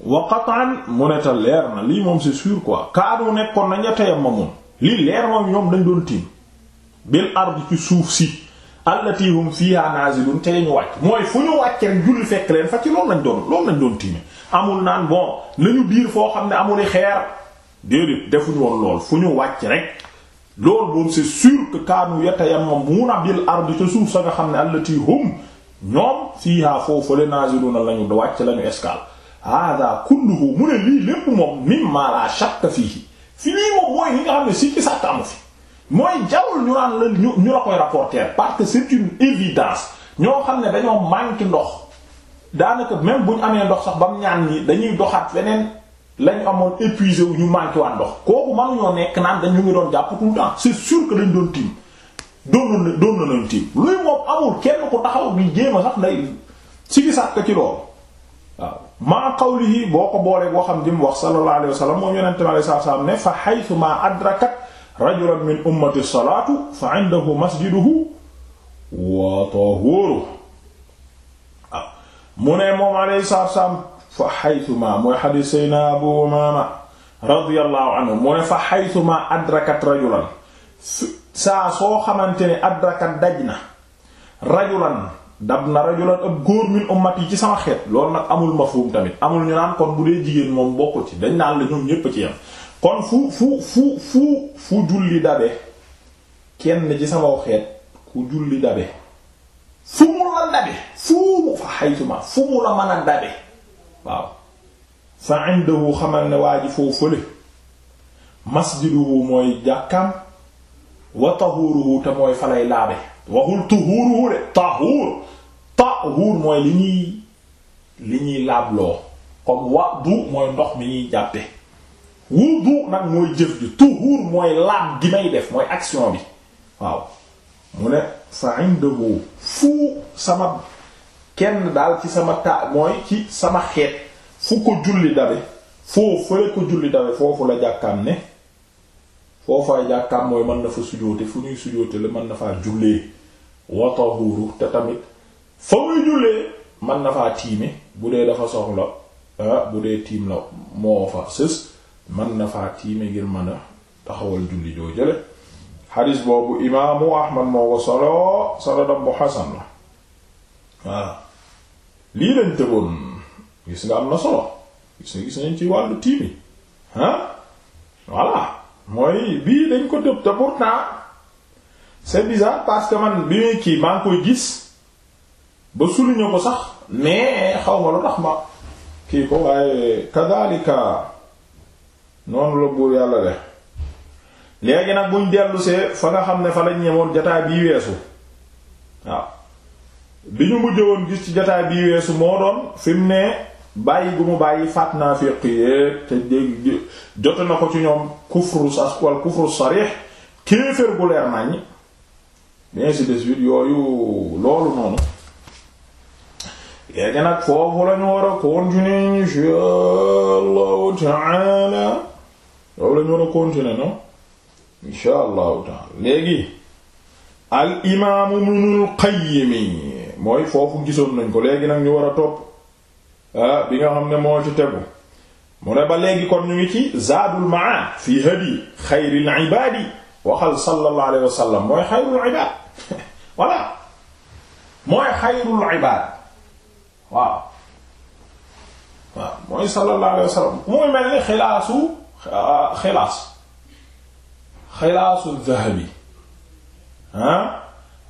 wa qatan mu ne leer na lii moom si sûr quoi kaanu nekkoon nañ a tayammamun lii leer moom ñoom dañ doon tiim bil ard ci suuf si allati hum fiha nazilun te ñu wàcc mooy fu ñu wàcc rek julli fekk leen fa ci loolu doon loolu amul naan bon nañu biir foo xam ne amul xeer déedéet defuñu woon lool fu ñu wàcc rek loolu moom c'est sûr que kaanu yatayammamuna bil ard ca suuf sa nga xam ne allati hum ñoom fiha foofu le naziluna lañu wàcc lañu escale hada kulluhu mu ne lii lépp moom mimma la shakka fiihi fi lii moom mooy li nga xam ne si ci amu fi mooy jawul ñu naan la ñu ñu la koy rapporter parce que c'est évidence ñoo xam ne dañoo manque ndox daanaka même bu ñu amee ndox sax ba mu ñaan nii dañuy doxaat feneen lañu amoon épuisé wu ñu manqué waan ndox kooku mënuñoo nekk naan dañu ngi doon jàpp tout le temps c'est sûr dañ doon tiim doon na doon na doon tiim luy moom amul kenn ku taxaw bi jéem a sax nday si maa qawlihi boo ko boolee boo xam jëm wax sallallahu alayhi wa sallam moom yonente mi alayhi salaam ne fa haythu ma adrakat rajulan min ummati salaatu fa indahu masjiduhu wa tahuuru waaw ah, mu ne moom alayhi salaam fa haythu ma mooy hadiis sayna Abu Umaama radiyallahu anhu mu ne fa haythu ma adrakat rajulan saa soo xamante ne adrakat daj na rajulan dab na rajulan ab góor min ummat yi ci sama xeet loolu nag amul mafhum tamit amul ñu naan kon bu dee jigéen moom bokk ci dañ naan la yëpp ñépp ci yam kon fu fu fu fu fu julli dabe kenn ci sama xeet ku julli dabe fu mu la dabe fu fa xaytuma fu mu la mën a dabe waaw fa indahu xamal ne waa ji foofu fële masjiduhu mooy jàkkaam wa tahuruhu te mooy falay laabe waxul tuhuruhu de tahu taqhuur mooy li ñuy li ñuy laabloo comme wa du mooy ndox mi ñuy jàppe wudu nag mooy jëf ji tuhuur mooy laab gi may def mooy action bi waaw mu ne fa indahu fu sama kenn daal ci sama ta mooy ci sama xeet fu ko julli dabe foofu la jàkkaam ne foofaay jàkkaam mooy mën na fa sujoote fu ñuy sujoote la mën na faa jullee wa tahuuru te tamit fa muy jullee man na faa tiime bu dee dafa soxla ah, bu dee tiim la moo fa sës man na faa tiime ngir mën a taxawal julli joo jële xadis boobu imaamu ahmad moo ko solo sanadam bu xasan la waaw lii lañ tëboon gis nga am na solo gis nga gis nañ ci wàllu tiimi ah voilà mooy bii dañ ko tëb te pourtant c'est bizarre man bi muy kii maa ngi koy gis ba souligner ko sax mais xaw ma lu tax ma kii ko waaye kadhalika noonu la buur yàlla de léegi nag buñ dellusee fa nga xam ne fa lañ ñemoon jataay bii weesu waaw bi ñu mujj woon gis ci jataay bii weesu moo doon fi mu ne bàyyi gu mu bàyyi faat naa féq yéeg te dégg jote na ko ci ñoom kufru sas wal kufru sarih kéefër gu leer nañ bien si de suite yooyu loolu noonu léegi nag foofu lañu war a continuer insha allahu taala foofu lañu war a continuer non insha allahu taala mooy foofu gisoon nañ ko léegi nag ñu war a topp bi nga xam ne moo ci tegu mu ne ba léegi kon ñu ngi ci zaadul maad fi hadi xayril ibaadi waxal la alayhi wa sallam mooy xayrul ibaad voilà mooy xayrul ibaad waaw waaw mooy sallallahu alayhi wa sallam muy mel ni xilaasu ah, xilaas xilaasu dahabi ah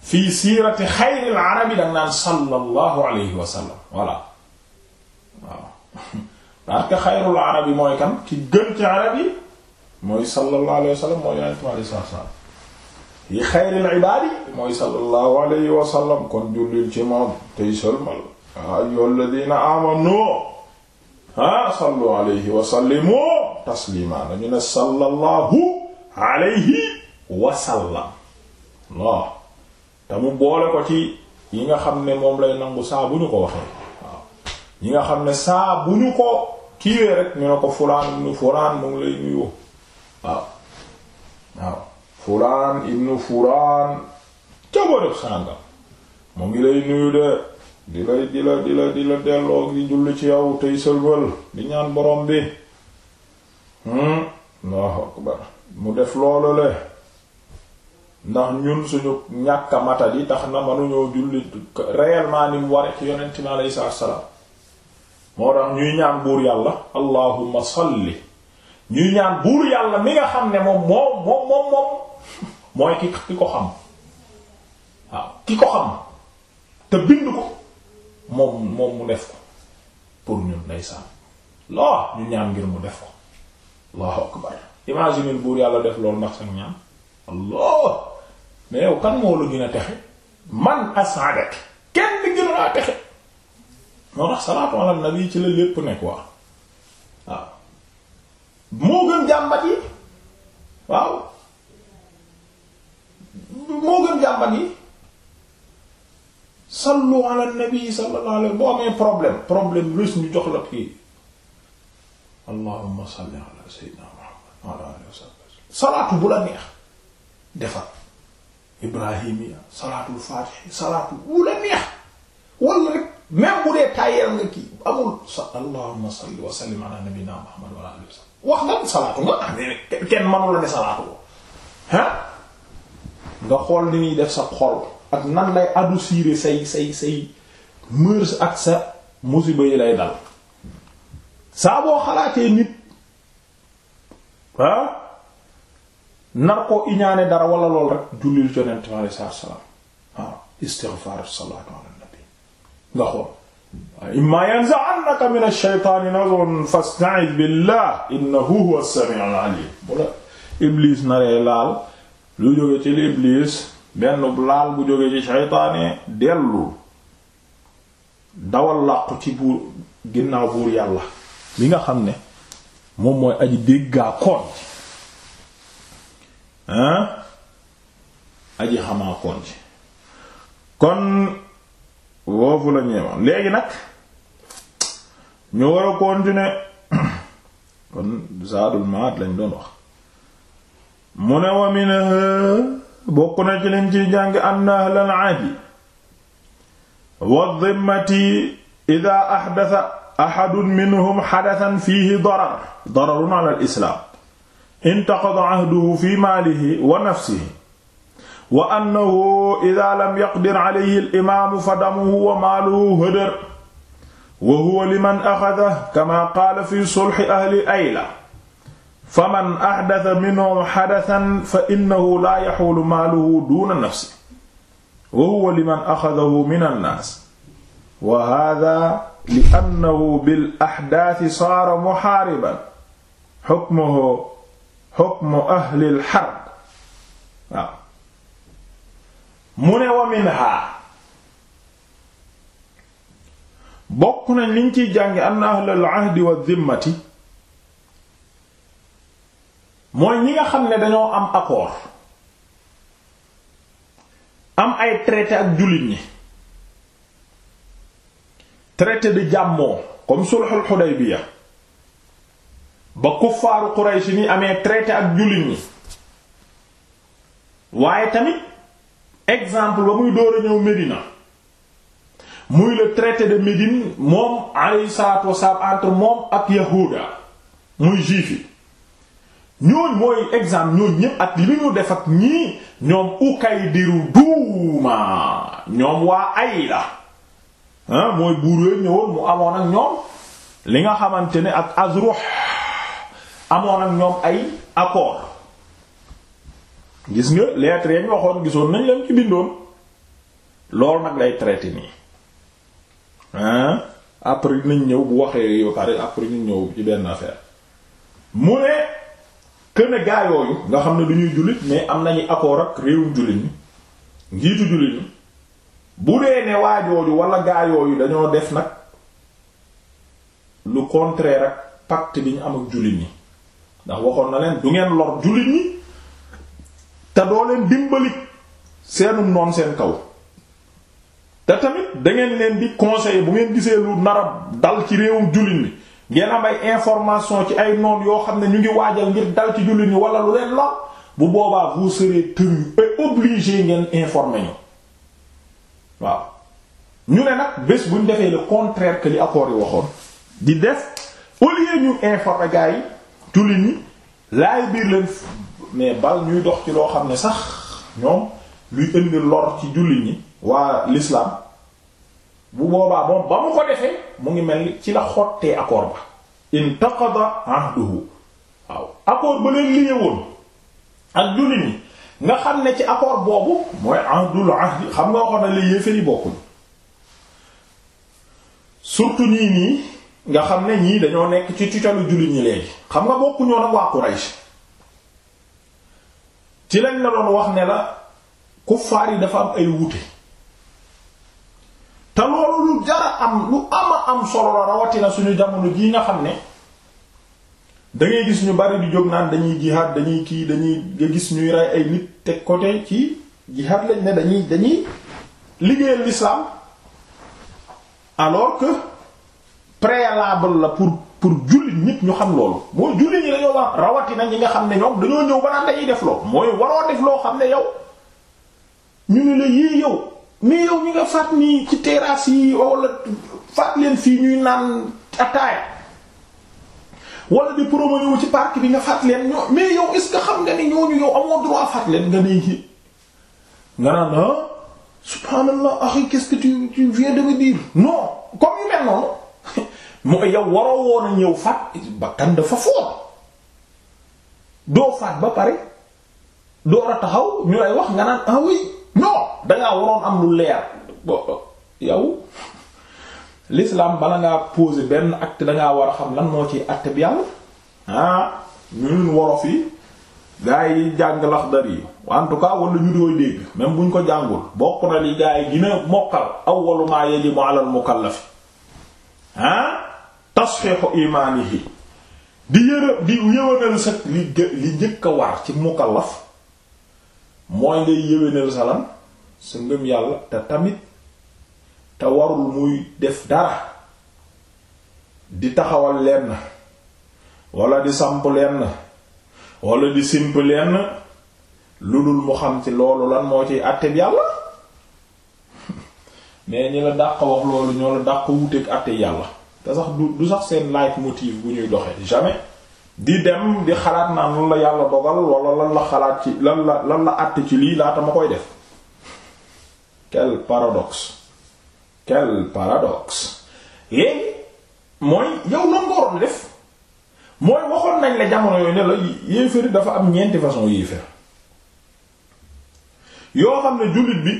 fii siirati xayril arabi danga naan sallallahu alayhi wa sallam voilà waaw parce que xayrul arabi mooy kan ki gën ci arab yi mooy sallallahu alayhi wa sallam mooy yonent mi alayhi salaam yi xayril ibaadi mooy sallallahu alayhi wa sallam kon jullil ci moom tey sëlmal yaa ayyuhal ladina amanu ah sallu alayhi wa sallimu taslima dañu ne sallallahu alayhi wa waaw te mu boole ko ci yi nga xam ne moom lay nangu saa bu ñu ko waxee waaw yi nga xam ne saa bu ñu ko kiiwee rek ñu ne ko fulaan ibnu fulaan mu lay nuyu waaw fulaan ibnu fulaan ca bërëb sàngam mu ngi lay nuyu de di lay di la di la di la delloo di julli ci yaw tey sëlwal di ñaan borom bi hmm? Allahu akbar mu def loolu le ndax ñun suñu ñàkk a mata yi tax na mënuñoo julli réellement ni mu ware ci yonent mi aleyhi salaam moo tax ñuy ñaan buur yàlla allahumma salli ñuy ñaan buur yàlla mi nga xam ne moom moom moom moom moom mooy ki ki ko xam waaw ki ko xam te bind ko moom moom mu def ko pour ñun day sàmm loo ñu ñaan ngir mu def ko allahu akbar imagine buur yàlla def loolu ndax sax ñaan allah mais yow kan moo la gën a texe man asadak kenn gën a texe moo tax salaatu ala nabi ci la lépp nekk waa moo gën jàmbat yi waaw moo gën jàmbat yi sallu ala problème problème rus ñu jox la kii allahumma salli bu la neex defar ibrahimiya salaatul faatihi salaatu bu la neex wala rek même bu dee tàyyeel nga kii amul sa allahumma wa sallim ala nabina muhammad wa nga salaatu kenn mënu la ne salaatu ko ah nga xool ni ñuy def sa xol ak nan lay adoucir say say say mœurs ak sa musiba yi lay dal saa boo xalaatee nit ah nar koo iñaane dara wala lool rek jullil yonent bi alayhi salaatu salaam waaw ah, istighfar salaatu ala nga xool imma yanza'annaka min ash-shaytaani nazghun fasta'iz billah innahu huwa as-sami'ul alim wala iblis naree laal lu jóge ci iblis benn laal bu jóge ci seytaane dellul dawal làqu ci buur ginnaaw buur yàlla li nga xam ne moom mooy aji déggaa koon ji hein aji xamaa koon ji kon woofu la ñeewoon léegi nag ñu war a continuer kon Zaadul Maad lañ doon wax mu ne wa bokk na ci liñ ciy jàng anna ahlal aadi wa dhimmati idaa ahdasa ahadun minhum hadasan fiihi darar dararun ala al-islaam intaqada ahduhu fi maalihi wa nafsihi wa annahu idaa lam yaqdir alayhi al-imaamu fadamuhu wa maaluhu hadar wa huwa liman axadahu kamaa qaala fi sulhi ahli Ayla faman ahdata minhum xadasan fa innahu laa yaxulu maaluhu duna nafsi wa huwa liman axadahu min annaas wa hada li annahu bil axdaati saara muxaariban xukmuhu xukmu ahlil xarb waaw mu ne wa minhaa bokk nañ liñ ciy jànge anna ahlal ahdi wa dimmati mooy ñi nga xam ne dañoo am accord am ay traité ak jullit ñi traité de jàmmoo comme sulhul Hudaybiya ba kuffaaru Quraysh ni amee traité ak jullit ñi waaye tamit exemple ba muy door a ñëw Médina muy le traité de Médine moom alayhi salaatu wasalaam entre moom ak yahuda muy juif ñooñ mooy exemple ñooñ ñëpp ak li ñu def ak ñii ñoom ukaydiru duuma ñoom waa ay la ah mooy buur yooyu ñëwoon mu amoon ak ñoom li nga xamante ne ak azruh amoon ak ñoom ay accord gis nga lettre yañ waxoon gisoon nañ leen ci bindoon loolu nag lay traité nii ah après dinañ ñëw bu waxee yo pare après ñu ñëw ci benn affaire mu ne këne gaa nga xam ne du ñuy jullit mais am nañu accord ak réewum jullit ñi njiitu jullit ñi bu dee ne waajooju wala gaa dañoo def nag lu contraire ak pacte bi ñu am ak jullit ñi ndax waxoon na leen du ngeen lor jullit ñi te doo leen dimbali seenum noon seen kaw te tamit dangeen leen di conseiller bu ngeen gisee lu narab dal ci réewum jullit ñi ngeen am ay information ci ay noon yoo xam ne ñu ngi waajal ngir dal ci jullit ñi wala lu leen lor bu boobaa vous serez tenu et obligé ngeen informer ñu waaw ñu ne bés buñ defee le contraire que li accords yi waxoon di def au lieu ñu gars yi jullit ñi laay biir leen mais bal ñuy dox ci loo xam ne sax ñoom luy indi lor ci jullit ñi waa lislaam bu boobaa moom ba mu ko defee mu ngi mel ni ci la xottee accord ba intaqada ahduhu waaw accord ba leen lié ak jullit ñi nga xam ne ci accord boobu mooy ahdul ahdi xam nga waxoon na la yéefari bokkul surtout ñii nii nga xam ne ñii dañoo nekk ci tutalu jullit ñi léegi xam nga bokkuñoo nag waa Quraysh ci lañ la doon wax ne la kuffaar yi dafa am ay wuute te loolu lu jara am lu ama am solo la rawatina suñu jamono ji nga xam ne da ngay gis ñu bari di jóg naan dañuy jihaad dañuy kii dañuy nga gis ñuy rey ay nit teg côté ci jihaad lañ ne dañuy dañuy liggéeyal l'islam alors que préalable la pour pour jullit nit ñu xam loolu mooy jullit ñi dañoo wax rawatina ñi nga xam ne ñoom dañoo ñëw ba naan dañuy def loolu mooy waroo def loo xam ne yow ñu ne la yii yow. mais yow ñi nga faat nii ci terrasse yi wala faat leen fii ñuy naan ataaya wala di promener wu ci parc bi nga faat leen ñoo mais yow est ce xam nga ni ñooñu yow amoo droit faat leen nga nii nga naan ah subhanallah akhi qu'est-ce que tu tu viens de me comme yu mel noonu mooy yow waroo woon a ñëw faat bakkan dafa foot doo faat ba pare door a taxaw ñu lay wax nga naan ah oui non dangaa waroon am lu leer yow l'islam bala ngaa poser benn acte dangaa war a xam lan moo ci acte bi yàlla ah ñun wolof yi gaa yi jàng laxdar yi en tout cas wala ñu dégg même buñ ko jàngul bokk na li gaa yi gina mokkal awwalu ma yajibu ala al mukallafi ah tasfihu imanihi di yërë di yëwanal sa li li njëkk a war ci mukallaf mooy ngay yéwénal sa lan sa ngëm yàlla te tamit te warul muy def dara di taxawal lenn wala di samp lenn wala di simp lenn lu dul mu xam ci loolu lan moo ci àtte yàlla mais ñi la dàq wax loolu ñoo la dàq wuteeg àtte yàlla te sax du du sax seen life motive bu ñuy doxe di dem di xalaat naan lu la yàlla dogal wala lan la xalaat ci lan la lan la àtt ci lii laata ma koy def quel paradoxe quel paradoxe léegi mooy yow lan nga def mooy waxoon nañ la jamono yooyu ne la yéeféri dafa am ñeenti façon yéefér yoo xam ne jullit bi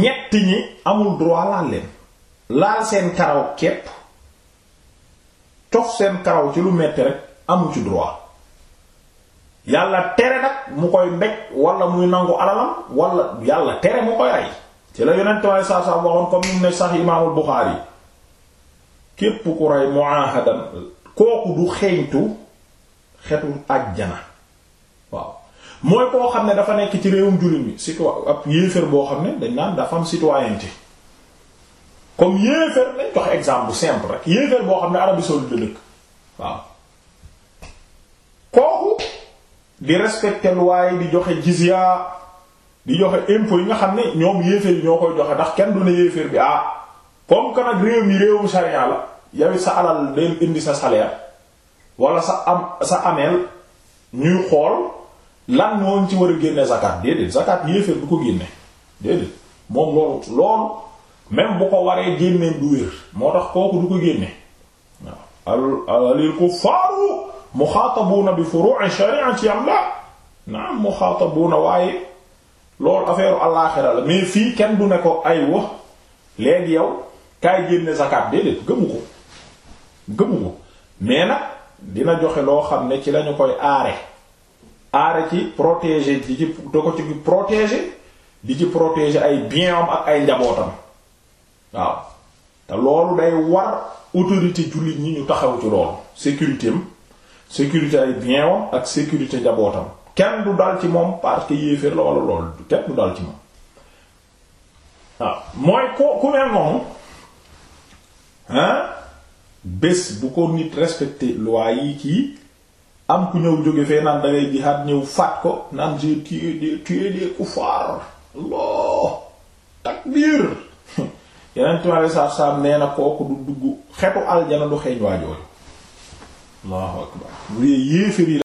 ñetti ñi amul droit laal leen laal seen karaw képp cof seen karaw ci lu metti rek amu ci droit yàlla tere nag mu koy mbéj wala muy nangu alalam wala yàlla tere mu koy rey ci la yonent waaye saa saa waxoon comme ni sax imaamul Buxaari képp ku rey muahadan kooku du xeeñtu xetu àjjana waaw mooy koo xam ne dafa nekk ci réewum jullit mi citoyen ab yéeféer boo xam ne dañ naan dafa am citoyenneté comme yéeféer lañ jox exemple simple rek yéeféer boo xam ne Arabie saoudite la dëkk waaw kooku di respecter waaye di joxe jizya di joxe impôt yi nga xam ne ñoom yéeféer yi ñoo koy joxe ndax kenn du ne yéeféer bi ah comme que nag réew mi réewum sharia la yow sa alal day indi sa salaire wala sa am sa ameel ñuy xool lan ñooñ ci war a génne zakat déedéet zakat yéeféer du ko génne déedéet moom loolu loolu même bu ko waree génnee du wér moo tax kooku du ko génne waaw al alil ko faaru mu muxaatabuuna bi furu'i shari'ati am la naam muxaatabuuna waaye loolu affaire àllaaxira la mais fii kenn du ne ko ay wax léegi yow kaay génne zakat déedéet gëmu ko gëmu ko mais nag dina joxe loo xam ne ci lañu koy aare aare ci protéger di ci da ko ci protéger di ci protéger ay bien am ak ay njabootam waaw te loolu day war autorité jullit ñi ñu taxaw ci loolu sécurité sécurité ay bien wam ak sécurité njabootam kenn du dal ci moom parce que yéeféer la wala loolu kenn du dal ci moom ah, mooy ko ku mel noonu hein bés bu ko nit respecté loi yi kii am ku ñëw jóge fee naan dangay jihaad ñëw faat ko naan j'ai tué des tué des kufaar Allah takbir yeneen time ale saab saab nee kooku du dugg xetu aljana du xeeñ waajooju allahu akbar bu dee yéefér yi